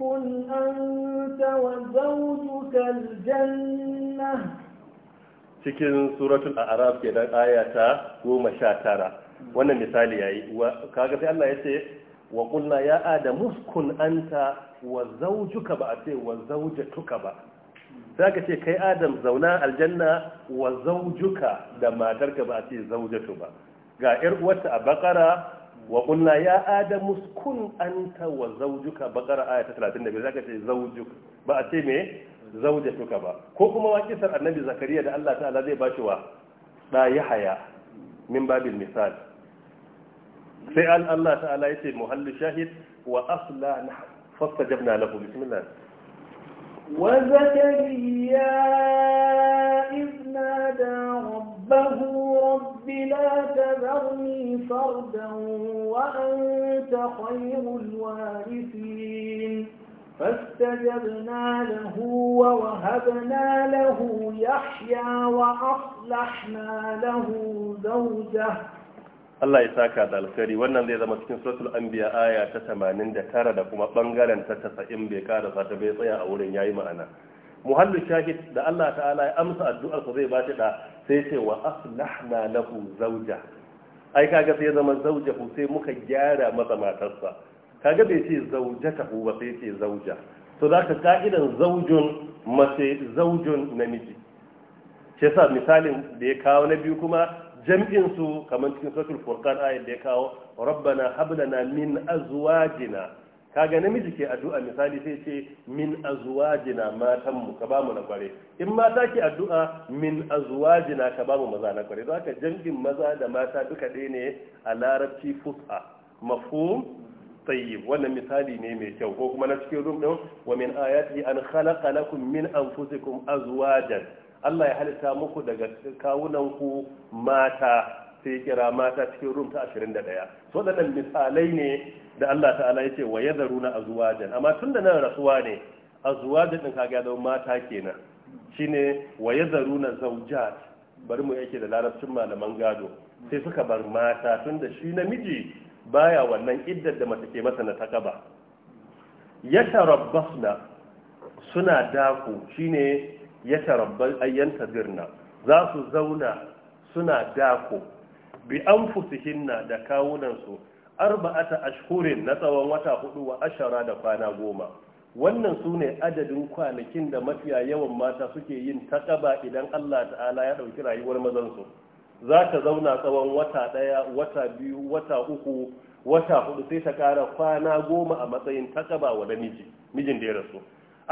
kun wa cikin suratul a'raf kenan goma sha tara. wannan misali yayi kaga sai Allah ya ce wa qulna ya adamu kun anta wa zawjuka ba a ce wa zawjatuka ba zaka ce kai adam zauna aljanna wa zawjuka da matarka ba a ce zawjatu ba ga ir wata a bakara wa qulna ya adamu kun anta wa zawjuka bakara aya ta 35 zaka ce zawjuk ba a ce me zawjatuka ba ko kuma wakisar annabi zakariya da Allah ta'ala zai bashi wa da yahaya min babil misal sai al Allah ta'ala yace muhallu shahid wa asla na fastajabna lahu bismillah wa zakariya iz nada rabbahu rabbi la tadharni fardan wa anta khayrul warithin فاستجبنا له ووهبنا له يحيى وأصلحنا له زوجه Allah ya saka da alkhairi wannan zai zama cikin suratul anbiya aya ta 89 da kuma bangaren ta 90 bai karasa ta bai tsaya a wurin yayi ma'ana muhallu shahid da Allah ta'ala ya amsa addu'ar sa zai ba shi da sai ce wa aslahna lahu zawja ai kaga sai zama ko sai muka gyara masa matarsa kaga bai ce zawjatahu ba sai ce zawja to zaka ka'idan zaujun mace zaujun namiji shi yasa misalin da ya kawo na biyu kuma jam'in su kamar cikin suratul furqan ayat da ya kawo rabbana hab lana min azwajina kaga namiji ke addu'a misali sai ce min azwajina matan mu ka bamu na kware in mata ke addu'a min azuwajina ka bamu maza na kware don haka jam'in maza da mata duka ɗaya ne a larabci fus'a mafhum tayyib wannan misali ne mai kyau ko kuma na cikin rum din wa min ayati an khalaqa lakum min anfusikum azwajan Allah ya halitta muku daga kawunanku mata sai kira mata cikin rum ta 21 so waɗannan misalai ne da Allah ta'ala ya ce wa zuwa azwajan amma tunda nan rasuwa ne azwajan din kaga da mata kenan shine wa zau zawjat bari mu yake da larabcin malaman gado sai suka bar mata tunda shi namiji baya wannan iddar da mace ke masa na takaba ya suna daku shine ya tarabban ayyan birna za su zauna suna dako bi an fusihinna da kawunansu arba'ata ashhurin na tsawon wata hudu wa ashara da kwana goma wannan su ne adadin kwanakin da mafiya yawan mata suke yin takaba idan allah ta'ala ya ɗauki rayuwar mazansu za ta zauna tsawon wata ɗaya wata biyu wata uku wata hudu sai ta kara kwana goma a matsayin takaba wa da mijin da ya rasu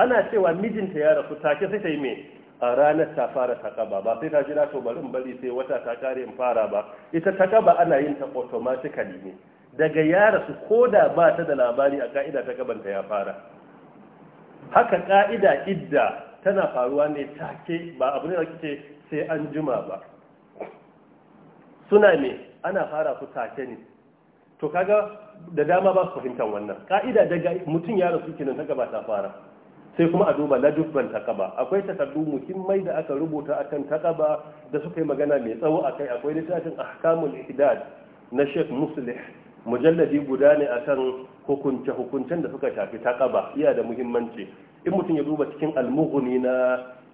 ana cewa mijinta ya rasu take sai ta yi mai a ranar ta fara takaba ba sai ta jira to barin bari sai wata ta kare in fara ba ita takaba ana yin ta automatically ne daga ya rasu ko da ba ta da labari a ka'ida takaban ta ya fara haka ka'ida idda tana faruwa ne take ba abu ne da kike sai an jima ba suna ne ana fara ku take ne to kaga da dama ba su fahimtar wannan ka'ida daga mutum ya rasu kenan ta gaba ta fara sai kuma a duba ladubban takaba akwai takardu muhimmai da aka rubuta akan takaba da suka yi magana mai tsawo a kai akwai littafin ahkamul ihdad na Sheikh Muslih mujalladi guda ne akan hukunce hukuncen da suka shafi takaba iya da muhimmanci in mutum ya duba cikin al na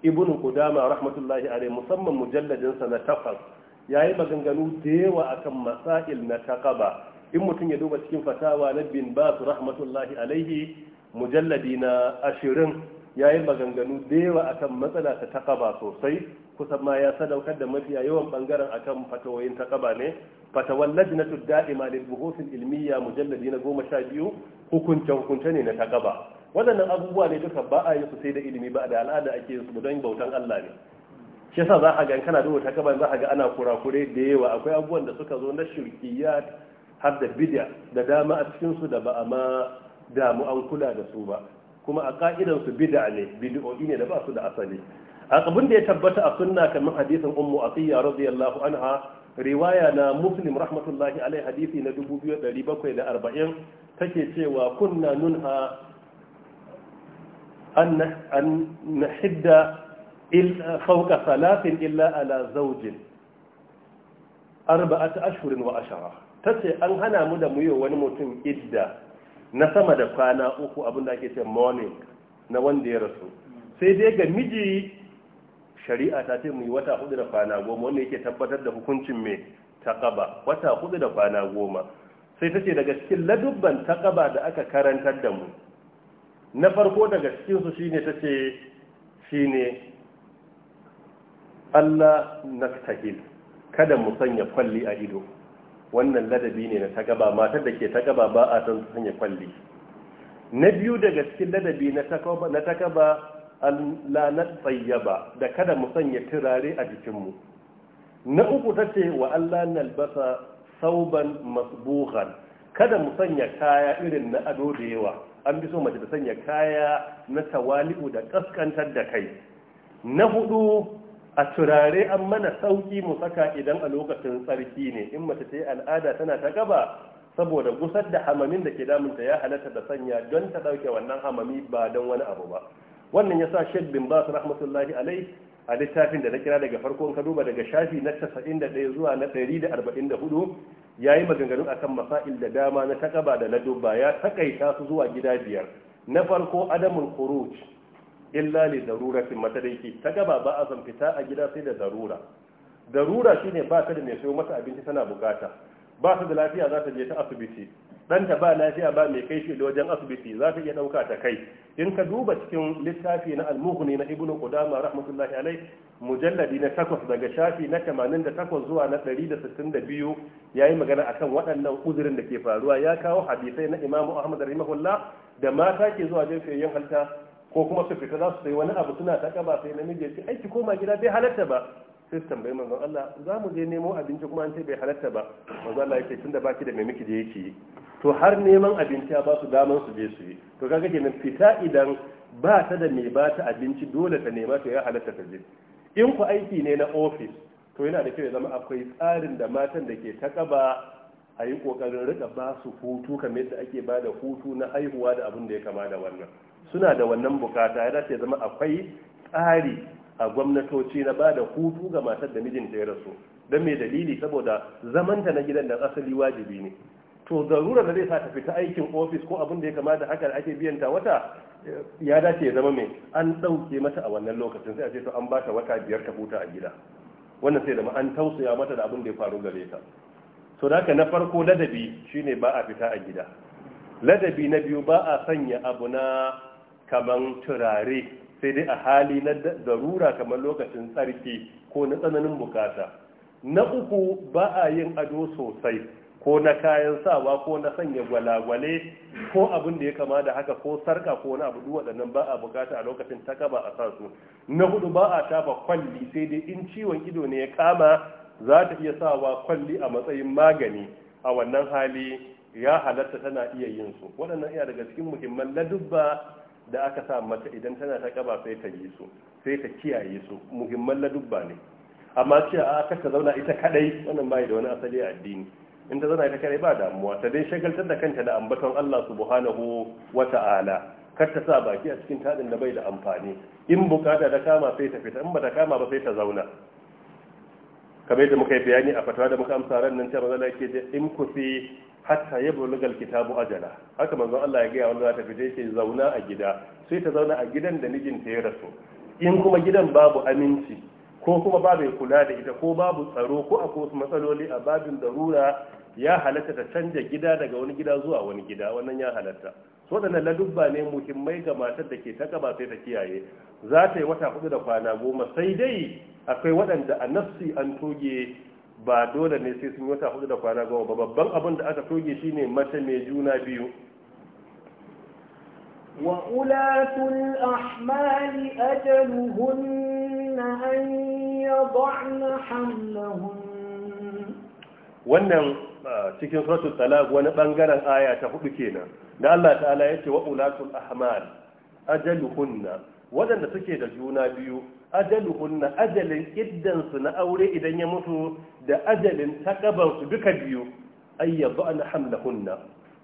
Ibn Qudama rahmatullahi alaihi musamman mujalladin sa na takwas yayi maganganu da yawa akan masail na takaba in mutum ya duba cikin fatawa na Bin Bas rahmatullahi alaihi mujalladi na ashirin ya yi maganganu da yawa akan matsala ta takaba sosai kusan ma ya sadaukar da mafiya yawan bangaren akan fatawoyin takaba ne fatawan lajnatul da'ima da buhuthil ilmiya mujalladi na goma sha biyu hukunce hukunce ne na takaba waɗannan abubuwa ne duka ba a yi su sai da ilimi ba da al'ada ake yin su don bautan Allah ne shi yasa za a ga kana duba takaba za a ga ana kurakure da yawa akwai abubuwan da suka zo na shirkiyat har da bid'a da dama a cikinsu da ba a ma Da mu an kula da su ba kuma a ka'idan su bid'a ne bid'o'i ne da ba su da asali abin da ya tabbata a sunna kamar hadisin ummu atiyya radiyallahu anha riwaya na muslim rahmatullahi alai hadisi na 2740 take cewa kunna nunha an nahidda fauka salatin illa ala zaujin arba'ata ashhurin wa ashara tace an hana mu da muyo wani mutum idda na sama da kwana uku abin da ake ce morning na wanda ya rasu sai dai ga miji shari'a ta ce mu wata hudu da kwana goma wanda yake tabbatar da hukuncin mai takaba wata hudu da kwana goma sai ta ce daga cikin ladubban takaba da aka karantar da mu na farko daga cikinsu shine ta ce shine Allah na kada mu sanya kwalli a ido wannan ladabi ne na takaba matar da ke takaba ba a san sanya kwalli na biyu daga cikin ladabi na takaba lanar tsayyaba da kada mu sanya turare a jikinmu na uku ta ce wa Allah nalbasa sauban masbuhan kada mu sanya kaya irin na ado da yawa an bi so mace ta sanya kaya na tawali'u da kaskantar da kai na hudu a turare an mana sauki mu saka idan a lokacin tsarki ne in mace ta yi al'ada tana ta gaba saboda gusar da hamamin da ke damunta ya halatta da sanya don ta dauke wannan hamami ba don wani abu ba wannan ya sa bin basu rahmatullahi alai a littafin da na kira daga farko ka duba daga shafi na ɗaya zuwa na da hudu ya yi maganganu kan masail da dama na takaba da na dubba ya taƙaita su zuwa gida biyar na farko adamun kuruci illa li daruratin matadaiki ta gaba ba a san fita a gida sai da darura darura shine ba ta da mai sayo mata abinci tana bukata ba ta da lafiya za ta je ta asibiti ɗanta ba lafiya ba mai kai shi da wajen asibiti za ta iya ɗauka ta kai in ka duba cikin littafi na almuhuni na ibnu qudama rahmatullahi alai mujalladi na takwas daga shafi na tamanin da takwas zuwa na ɗari da sittin da biyu ya yi magana akan waɗannan uzurin da ke faruwa ya kawo hadisai na imamu ahmad rahimahullah da mata ke zuwa jefe yin halta ko kuma su fita za su sai wani abu suna ta kaba sai namiji ya ce ai ki koma gida bai halatta ba sai su tambayi manzon Allah za mu je nemo abinci kuma an ce bai halatta ba manzon Allah yake tunda baki da mai miki je yake yi to har neman abinci ya ba su daman su je su yi to kaga kenan fita idan ba ta da mai ba ta abinci dole ta nema to ya halatta ta je in ku aiki ne na ofis to yana da kyau ya zama akwai tsarin da matan da ke ta kaba a yi kokarin rika ba su hutu kamar yadda ake ba da hutu na haihuwa da abin da ya kama da wannan suna da wannan bukata ya dace zama akwai tsari a gwamnatoci na ba da hutu ga matar da mijinta ya rasu don mai dalili saboda zamanta na gidan da asali wajibi ne to zarura da zai sa ta fita aikin ofis ko abin da ya kamata haka da ake biyan ta wata ya dace ya zama mai an ɗauke mata a wannan lokacin sai a ce to an ba ta wata biyar ta huta a gida wannan sai ma an tausaya mata da abin da ya faru gare ta so da na farko ladabi shine ba a fita a gida ladabi na biyu ba a sanya abu na kaman turare sai dai a hali na darura kamar lokacin tsarki ko na tsananin bukata na uku ba a yin ado sosai ko na kayan sawa ko na sanya gwalagwale ko abin da ya kama da haka ko sarka ko na abu waɗannan ba a bukata a lokacin takaba a sasu na hudu ba a tafa kwalli sai dai in ciwon ido ne ya kama za ta iya sawa kwalli a matsayin magani a wannan hali ya halatta tana iya yin su waɗannan iya daga cikin muhimman ladubba da aka sa mata idan tana ta kaba sai ta yi su sai ta kiyaye su muhimman ladubba ne amma cewa a aka ta zauna ita kadai wannan bai da wani asali a addini in ta zauna ita kadai ba damuwa ta dai shagaltar da kanta da ambaton Allah subhanahu wata'ala kar ta sa baki a cikin tadin da bai da amfani in bukata ta kama sai ta fita in ba ta kama ba sai ta zauna kamar da muka yi bayani a fatawa da muka amsa ran nan cewa Allah yake da in fi hatta ya bulugal kitabu ajala haka manzon Allah ya gaya wanda za ta fita yake zauna a gida sai ta zauna a gidan da ta ya rasu in kuma gidan babu aminci ko kuma babu kula da ita ko babu tsaro ko akwai wasu matsaloli a babin darura ya halatta ta canja gida daga wani gida zuwa wani gida wannan ya halatta waɗannan ladubba ne muhimmai ga matar da ke ta ba sai ta kiyaye za ta yi wata hudu da kwana goma sai dai akwai waɗanda a nafsi an toge ba dole ne sai sun yi wata hudu da kwana goma ba babban abin da aka toge shi ne mace mai juna biyu وأولاة الأحمال wannan cikin suratul talaq wani bangaren aya ta hudu kenan da Allah ta'ala yake wa ulatul ahmal ajaluhunna wadanda suke da juna biyu ajaluhunna ajalin iddan su na aure idan ya mutu da ajalin takaban su duka biyu ayyadu an hamlahunna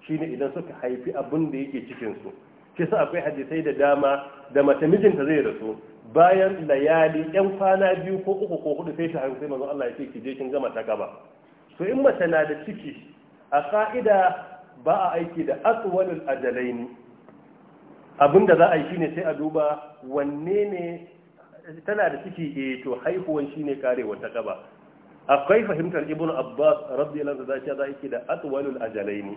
shine idan suka haifi abin da yake cikin su kisa akwai hadisai da dama da mace mijinta zai rasu bayan layali yan kwana biyu ko uku ko hudu sai ta haihu sai manzo Allah ya ce ki je kin gama ta gaba to in mace na da ciki a ka'ida ba a aiki da aswalul ajalaini abinda za a yi shine sai a duba wanne ne tana da ciki eh to haihuwan shine kare wata gaba akwai fahimtar ibn abbas radiyallahu anhu da za yake da atwalul ajalaini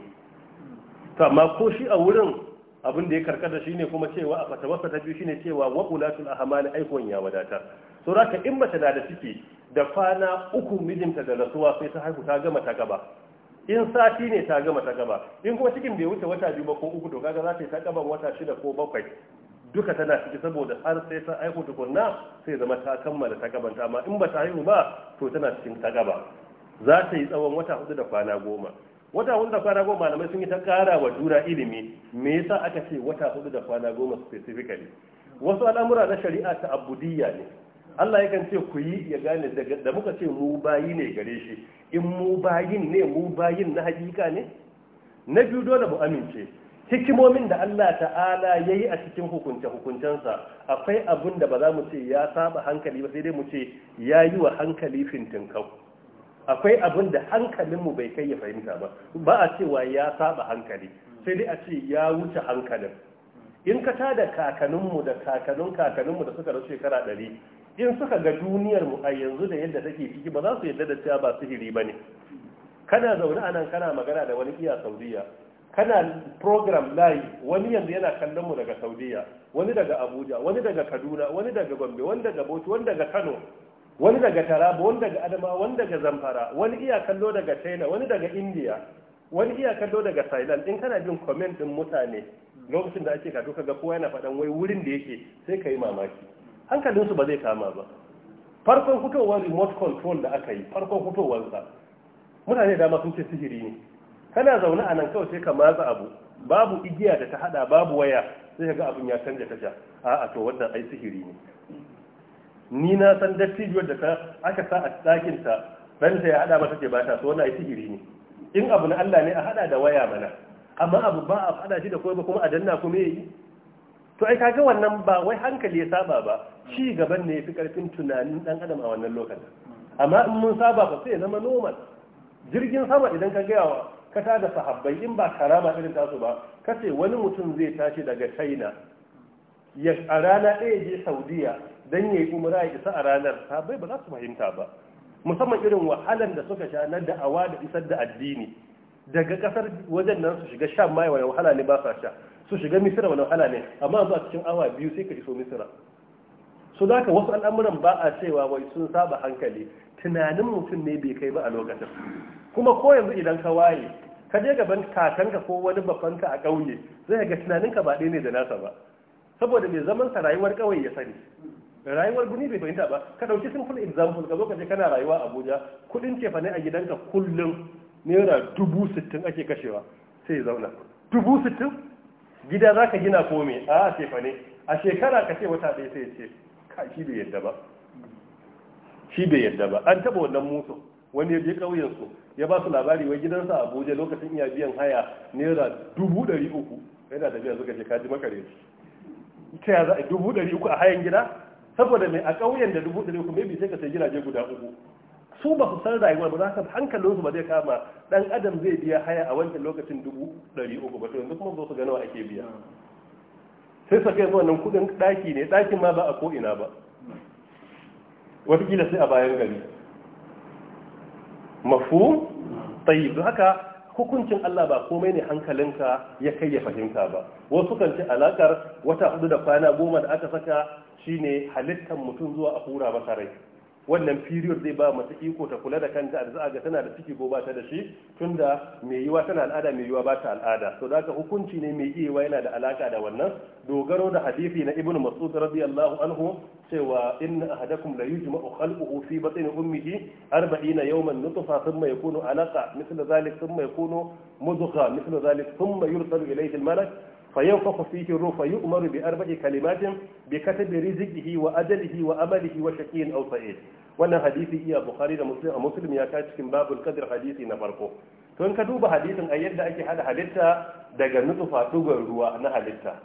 to amma ko shi a wurin abin da ya karkata shine kuma cewa a fatawarsa ta biyu shine cewa wa ulatul ahmal aihuwan ya wadatar sauraka in mace na da ciki da fana uku mijinta da rasuwa sai ta haihu ta gama ta gaba in sati ne ta gama ta gaba in kuma cikin bai wuce wata biyu ba ko uku to kaga za ta yi ta gaban wata shida ko bakwai duka tana ciki saboda har sai ta haihu tukunna sai zama ta kammala ta gabanta amma in ba ta haihu ba to tana cikin ta gaba za ta yi tsawon wata hudu da kwana goma wata hudu da kwana goma malamai sun yi ta kara wa jura ilimi me yasa aka ce wata hudu da kwana goma specifically wasu al'amura na shari'a ta abudiyya ne Allah yakan ce ku yi ya gane da muka ce mu bayi ne gare shi in mu bayin ne mu bayin na hakika ne na biyu dole mu amince hikimomin da Allah ta'ala ya yi a cikin hukunce hukuncensa akwai abin da ba za mu ce ya saba hankali ba sai dai mu ce ya yi wa hankali fintin kau akwai abin da hankalinmu bai kai ya fahimta ba ba a cewa ya saba hankali sai dai a ce ya wuce hankalin in ka tada kakaninmu da kakanin kakaninmu da suka rasu shekara ɗari in suka ga duniyar mu a yanzu da yadda take ciki ba za su yadda da cewa ba sihiri bane kana zaune a nan kana magana da wani iya saudiya kana program live wani yanzu yana kallon mu daga saudiya wani daga abuja wani daga kaduna wani daga gombe wani daga bauchi wani daga kano wani daga taraba wani daga adama wani daga zamfara wani iya kallo daga china wani daga india wani iya kallo daga thailand in kana jin comment din mutane lokacin da ake kato ga kowa yana faɗan wai wurin da yake sai ka yi mamaki hankalinsu ba zai kama ba farkon fitowar remote control da aka yi farkon fitowarsa mutane dama sun ce sihiri ne kana zaune a nan kawai sai ka matsa abu babu igiya da ta hada babu waya sai ga abin ya canja tasha a'a to wannan ai sihiri ne ni na san dattijuwar da ta aka sa a ɗakin ta ɗanta ya hada mata ce ba ta so wannan ai sihiri ne in abu na Allah ne a hada da waya mana amma abu ba a hada shi da kuma kuma a danna kuma yi. to ai kaga wannan ba wai hankali ya saba ba ci gaban ne yafi karfin tunanin dan adam a wannan lokacin amma in mun saba ba sai ya zama normal jirgin sama idan ka gaya wa ka da sahabbai in ba karama irin tasu ba ce wani mutum zai tashi daga China ya a rana ɗaya je Saudiya dan yayi umra ya isa a ranar sahabbai ba za su fahimta ba musamman irin wahalan da suka sha na da'awa da isar da addini daga kasar wajen nan su shiga shan mai wahala ne ba sa sha su shiga misira wani wahala ne amma zuwa cikin awa biyu sai ka iso misira su da wasu al'amuran ba a cewa wai sun saba hankali tunanin mutum ne bai kai ba a lokacin kuma ko yanzu idan ka waye ka je gaban kakanka ko wani babbanka a ƙauye zai ga tunaninka ba ɗaya ne da nasa ba saboda mai zaman sa rayuwar ƙauye ya sani rayuwar guni bai fahimta ba ka ɗauki simple example ka zo ka je kana rayuwa abuja kuɗin cefa ne a gidanka kullum naira dubu sittin ake kashewa sai ya zauna dubu sittin gida za ka gina ko a a ce fa ne a shekara ka ce wata ɗaya sai ce ka shi bai yadda ba shi bai yadda ba an taɓa wannan musu wani ya je ƙauyensu ya ba su labari wai gidansa a abuja lokacin iya biyan haya naira dubu ɗari uku yana tafiya suka ce kaji makare ta ya za a dubu ɗari uku a hayan gida saboda mai a ƙauyen da dubu ɗari uku mai sai ka sai gidaje guda uku su ba su san rayuwar ba za ka hankalinsu ba zai kama dan adam zai biya haya a wancan lokacin dubu ɗari uku ba to yanzu kuma zo su gano ake biya sai sa kai wannan kudin ɗaki ne ɗakin ma ba a ko ina ba watakila sai a bayan gari mafu tayyib haka hukuncin Allah ba komai ne hankalinka ya kai ya fahimta ba wasu kan ci alakar wata hudu da kwana goma da aka saka shine halittar mutum zuwa a hura masa rai wannan period zai ba mata iko ta kula da kanta da za ga tana da ciki ko ba ta da shi tunda mai yiwa tana al'ada mai yiwa ba ta al'ada to da hukunci ne mai iyawa yana da alaka da wannan dogaro da hadisi na ibnu mas'ud radiyallahu anhu cewa inna ahadakum la yujma'u khalquhu fi batni ummihi 40 yawman nutfa thumma yakunu alaqa mithla dhalik thumma yakunu mudghah mithla dhalik thumma yursalu ilayhi al-malak fa yanfaku fihi ruhu fa yu'maru bi arba'i kalimatin bi katabi rizqihi wa ajalihi wa amalihi wa shaqiyyin aw sa'id wannan hadisi iya bukhari da muslim a muslim ya ka cikin babul qadr hadisi na farko to in ka duba hadisin a yadda ake hada halitta daga nutsufa dugon ruwa na halitta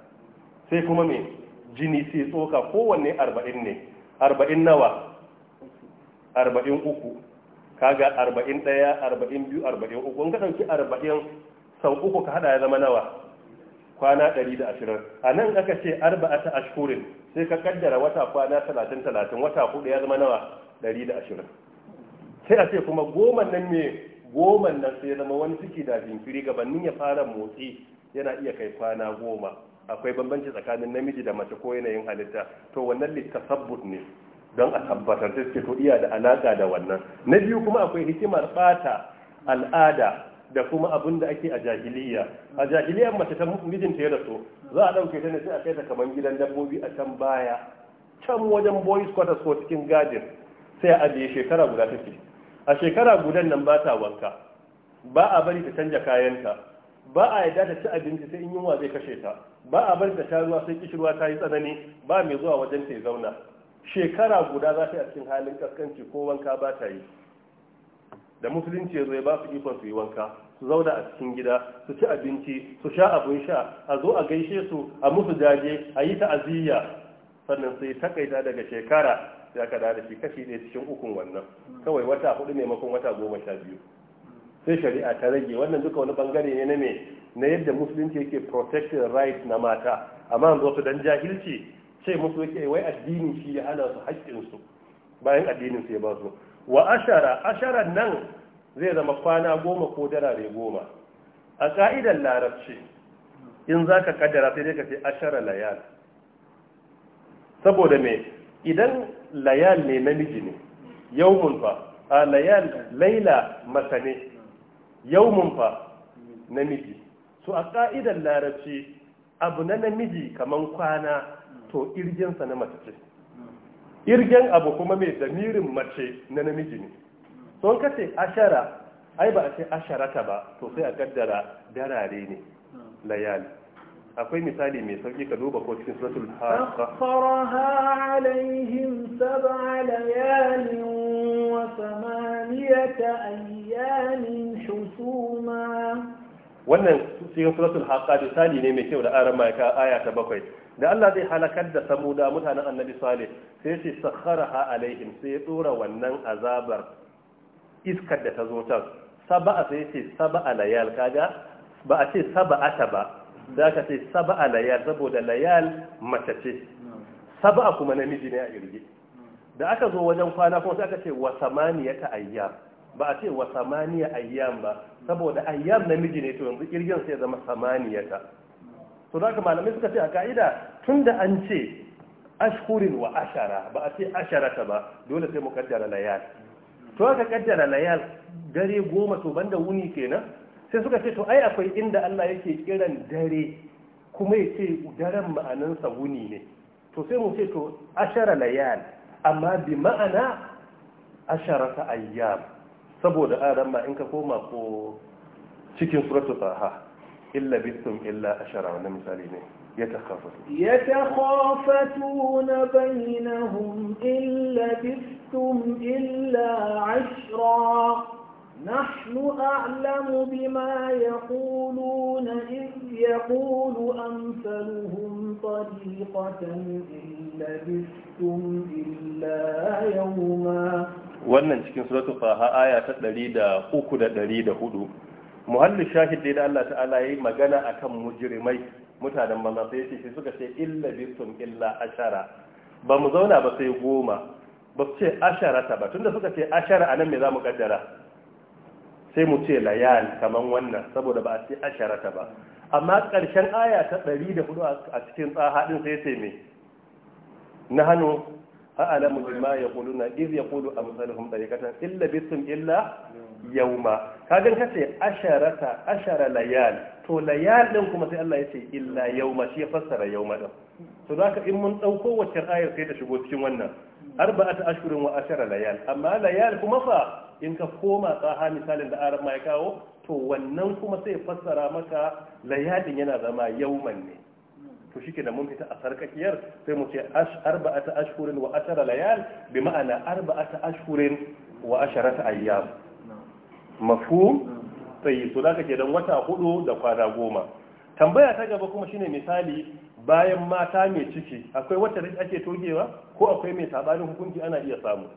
sai kuma me jini sai tsoka kowanne arba'in ne arba'in nawa arba'in uku kaga arba'in ɗaya arba'in biyu arba'in uku in ka ɗauki arba'in sau uku ka hada ya zama nawa kwana 120 a nan aka ce ta ashhurin sai ka kaddara wata kwana 30 30 wata hudu ya zama nawa 120 sai a ce kuma goma nan me goma nan sai zama wani ciki da jinkiri gabanin ya fara motsi yana iya kai kwana goma akwai bambanci tsakanin namiji da mace ko yanayin halitta to wannan littasabbut ne don a tabbatar da suke to iya da alaka da wannan na biyu kuma akwai hikimar ɓata al'ada da kuma abin da ake a jahiliya a jahiliyar mace ta mijinta ya rasu za a ɗauke ta ne sai a kai ta kamar gidan dabbobi a can baya can wajen boys quarters ko cikin gadin sai a ajiye shekara guda take a shekara gudan nan ba ta wanka ba a bari ta canja kayanta ba a yarda ta ci abinci sai in yunwa zai kashe ta ba a bari ta sha sai kishirwa ta yi tsanani ba mai zuwa wajen ta zauna shekara guda za ta yi a cikin halin kaskanci ko wanka ba ta yi da musulunci ya zo ya ba su ikon su yi wanka su zauna a cikin gida su ci abinci su sha abin sha a zo a gaishe su a musu jaje a yi ta'aziyya sannan sai takaita daga shekara ya kada da shi kashi ne cikin ukun wannan kawai wata hudu maimakon wata goma sha biyu sai shari'a ta rage wannan duka wani bangare ne na me na yadda musulunci yake protecting right na mata amma yanzu wasu dan jahilci ce musu yake wai addinin shi ya hana su haƙƙinsu bayan addinin su ya ba su wa ashara ashara nan zai zama kwana goma ko darare goma a ka'idar larabci in za ka kaddara sai dai ka ce ashara layal saboda mai idan layal ne namiji ne mun fa a layal laila masa ne mun fa namiji To a ka'idar larabci abu na namiji kaman kwana to irginsa na mace irgen abu kuma mai damirin mace na namiji ne sun kace ashara ai ba a ce asharata ba to sai a kaddara darare ne layali akwai misali mai sauki ka duba ko cikin suratul haqqa faraha alaihim sab'a layalin wa samaniyata ayyamin husuma wannan cikin suratul haqqa misali ne mai kyau da aran maika aya ta bakwai da Allah zai halakar da samuda mutanen annabi salih sai ce sakharaha alaihim sai ya dora wannan azabar iskar da ta zo ta saba'a sai ce saba'a layal kaga ba a ce saba'ata ba za ka ce saba'a layal saboda layal mace saba'a kuma namiji ne a irge da aka zo wajen kwana kuma sai aka ce wa samaniyata ayyam ba a ce wa samaniya ayyam ba saboda ayyam na miji ne to yanzu kirgin sai zama samaniya ta. to da ka malamai suka ce a ka'ida tunda an ce ashkurin wa ashara ba a ce asharata ba dole sai mu kaddara layal to aka kaddara layal dare goma to banda wuni kenan sai suka ce to ai akwai inda Allah yake kiran dare kuma yake daren sa wuni ne to sai mu ce to ashara layal amma bi ma'ana asharata ayyam saboda adam ma in ka koma ko cikin suratul taha illa bitum illa ashara wannan misali ne yatakhafatuna yatakhafatuna bainahum illa bitum illa ashara نحن أعلم بما يقولون إذ يقول أمثلهم طريقة إن لبثتم إلا يوما wannan cikin suratul faha aya ta 103 da 104 muhallin shahid da Allah ta'ala yayi magana akan mujrimai mutanen banza sai yace suka ce illa bitum illa ashara ba mu zauna ba sai goma ba su ce ashara ta ba tunda suka ce ashara anan me za mu kaddara sai mu ce layal kaman wannan saboda ba a ce asharata ba amma ƙarshen aya ta 104 a cikin tsahadin sai sai me na hannu a alamu jima ya kulu na iz ya kulu a misalihun tsarikatan illa bisun illa yauma kagan ka ce asharata ashara layal to layal din kuma sai Allah ya ce illa yauma shi ya fassara yauma din to ka in mun ɗauko wacce ayar sai ta shigo cikin wannan ta ashirin wa ashara layal amma layal kuma fa in ka koma tsaha misalin da arab ma ya kawo to wannan kuma sai fassara maka layadin yana zama yauman ne to shike da mun fita a sarkakiyar sai mu ce arba'ata ashhurin wa ashara layal bi ma'ana arba'ata ashhurin wa ashara ayyam mafhum sai to zaka ke dan wata hudu da kwana goma tambaya ta gaba kuma shine misali bayan mata mai ciki akwai wata da ake togewa ko akwai mai sabanin hukunci ana iya samu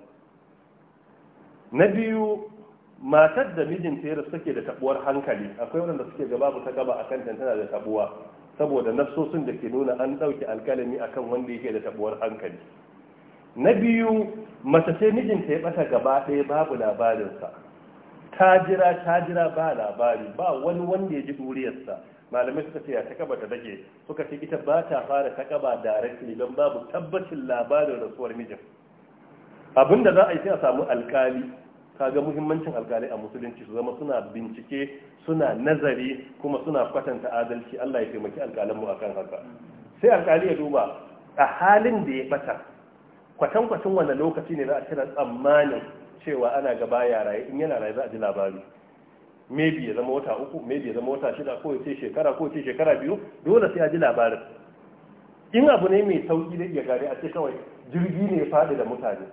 na biyu matar da mijinta ya suke da tabuwar hankali akwai wanda suke gaba ta gaba akan tantana da tabuwa saboda nafsosin da ke nuna an ɗauki alkalami akan wanda yake da tabuwar hankali na biyu mace sai mijinta ya bata gaba ɗaya babu labarinsa ta jira ta jira ba labari ba wani wanda ya ji duriyarsa malamai suka ce ya ta kaba ta dage suka ce ita ba ta fara ta kaba directly don babu tabbacin labarin rasuwar mijin abinda za a yi sai a samu alkali kaga muhimmancin alkalai a musulunci su zama suna bincike suna nazari kuma suna kwatanta adalci Allah ya taimaki mu akan haka sai alkali ya duba a halin da ya bata kwatan wannan lokaci ne za a cire tsammanin cewa ana gaba ya raye in yana raye za a ji labari maybe ya zama wata uku maybe ya zama wata shida ko ce shekara ko ce shekara biyu dole sai a ji labarin in abu ne mai sauki da iya gare a ce kawai jirgi ne ya faɗi da mutane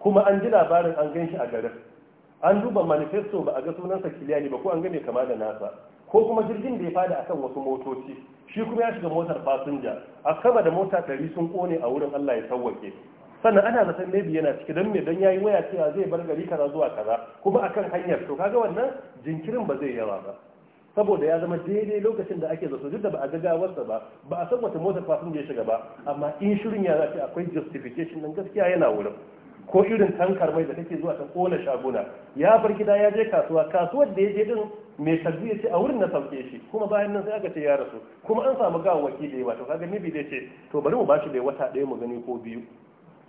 kuma an ji labarin an gan shi a garin an duba manifesto ba a ga sunansa kiliyani ba ko an game kama da nasa ko kuma jirgin da ya fada akan wasu motoci shi kuma ya shiga motar fasinja a kama da mota ɗari sun kone a wurin Allah ya sauwake sannan ana zaton maybe yana ciki don me don yayi waya cewa zai bar gari kaza zuwa kaza kuma akan hanyar to kaga wannan jinkirin ba zai yawa ba saboda ya zama daidai lokacin da ake zato duk da ba a ga gawarsa ba ba a san wata motar fasinja ya shiga ba amma in shirin ya zace akwai justification dan gaskiya yana wurin ko irin tankar mai da take zuwa ta kona shaguna ya bar gida ya je kasuwa kasuwar da ya je din mai sabbi ya ce a wurin na sauke shi kuma bayan nan sai aka ce ya rasu kuma an samu gawa waki da yawa to kaga mibi da ce to bari mu ba shi da wata daya mu gani ko biyu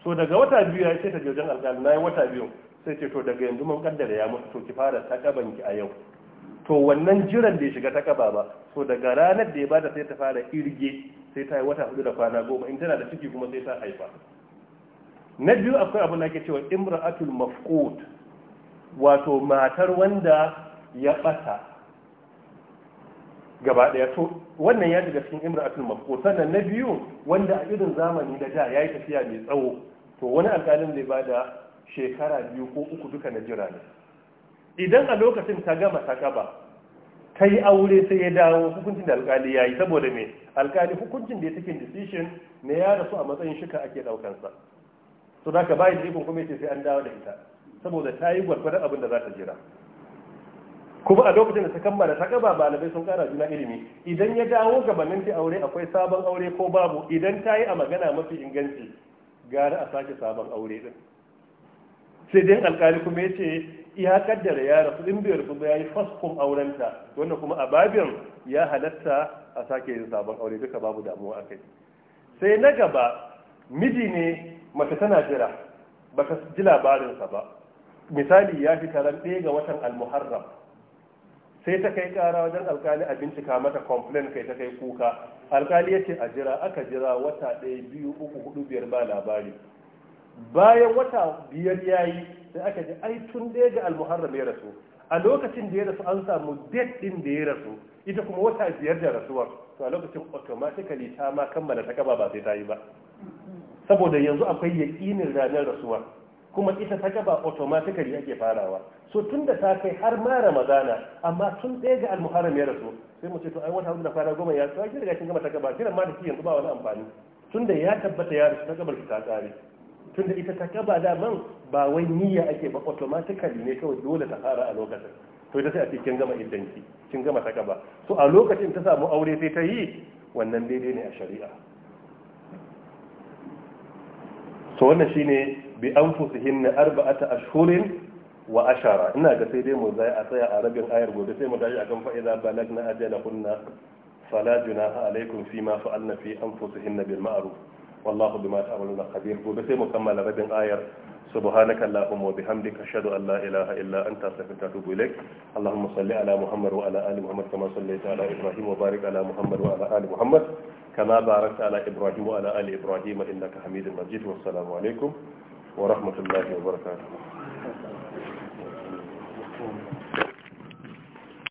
so daga wata biyu ya ce ta jojan alƙalin na wata biyu sai ce to daga yanzu mun kaddara ya mutu to ki fara ta ki a yau to wannan jiran da ya shiga ta kaba ba so daga ranar da ya bada sai ta fara irge sai ta yi wata hudu da kwana goma in tana da ciki kuma sai ta haifa na biyu akwai abin da ake cewa imra'atul mafqud wato matar wanda ya bata gaba daya to wannan ya daga cikin imra'atul mafqud sannan na biyu wanda a irin zamani da da yayi tafiya mai tsawo to wani alƙalin zai bada shekara biyu ko uku duka na jira ne idan a lokacin ta gama ta gaba ta yi aure sai ya dawo hukuncin da alkali ya yi saboda mai alkali hukuncin da ya take decision na ya rasu a matsayin shika ake ɗaukansa to da ka bayi da ikon kuma ce sai an dawo da ita saboda ta yi gwargwadon abin da za ta jira kuma a lokacin da ta kammala ta gaba ba malamai sun kara juna ilimi idan ya dawo gabanin ta aure akwai sabon aure ko babu idan ta yi a magana mafi inganci gara a sake sabon aure din sai dai alkali kuma ya ce ya kaddara ya rasu in bai rasu ya yi auren ta wanda kuma a babin ya halatta a sake yin sabon aure duka babu damuwa a kai sai na gaba miji ne mace tana jira ba ta ji labarinsa ba misali ya fi taron ɗaya ga watan almuharram sai ta kai ƙara wajen alkali a bincika mata complain kai ta kai kuka alkali ya ce a jira aka jira wata ɗaya biyu uku hudu biyar ba labari bayan wata biyar ya yi sai aka ji ai tun ɗaya ga almuharram ya rasu a lokacin da ya rasu an samu date ɗin da ya rasu ita kuma wata biyar da rasuwar to a lokacin automatically ta ma kammala ta kaba ba sai ta yi ba saboda yanzu akwai yaƙinin ranar rasuwa kuma ita ta gaba automatically ake farawa so tunda da ta kai har ma ramadana amma tun ɗaya ga almuharram ya rasu sai mu ce to ai wata hudu da fara goma ya tsaya kin riga kin gama ta gaba kiran ma da ki yanzu ba wani amfani tun ya tabbata ya rasu ta gabar ta tsare tun ita ta gaba da man ba wai niyya ake ba automatically ne kawai dole ta fara a lokacin to ita sai a ce kin gama ki kin gama ta gaba so a lokacin ta samu aure sai ta yi wannan daidai ne a shari'a to wannan shine bi anfusihim hinna arba'ata ashhurin wa ashara ina ga sai dai mu zai a tsaya a rabin ayar gobe sai mu tashi akan kan fa'iza balagna ajalahunna fala junaha alaikum fima fa'alna fi anfusihinna bil ma'ruf wallahu bima ta'maluna khabir gobe sai mu kammala rabin ayar سبحانك اللهم وبحمدك أشهد أن لا إله إلا أنت أستغفرك وأتوب إليك اللهم صل على محمد وعلى آل محمد كما صليت على إبراهيم وبارك على محمد وعلى آل محمد كما باركت على إبراهيم وعلى آل إبراهيم إنك حميد مجيد والسلام عليكم ورحمة الله وبركاته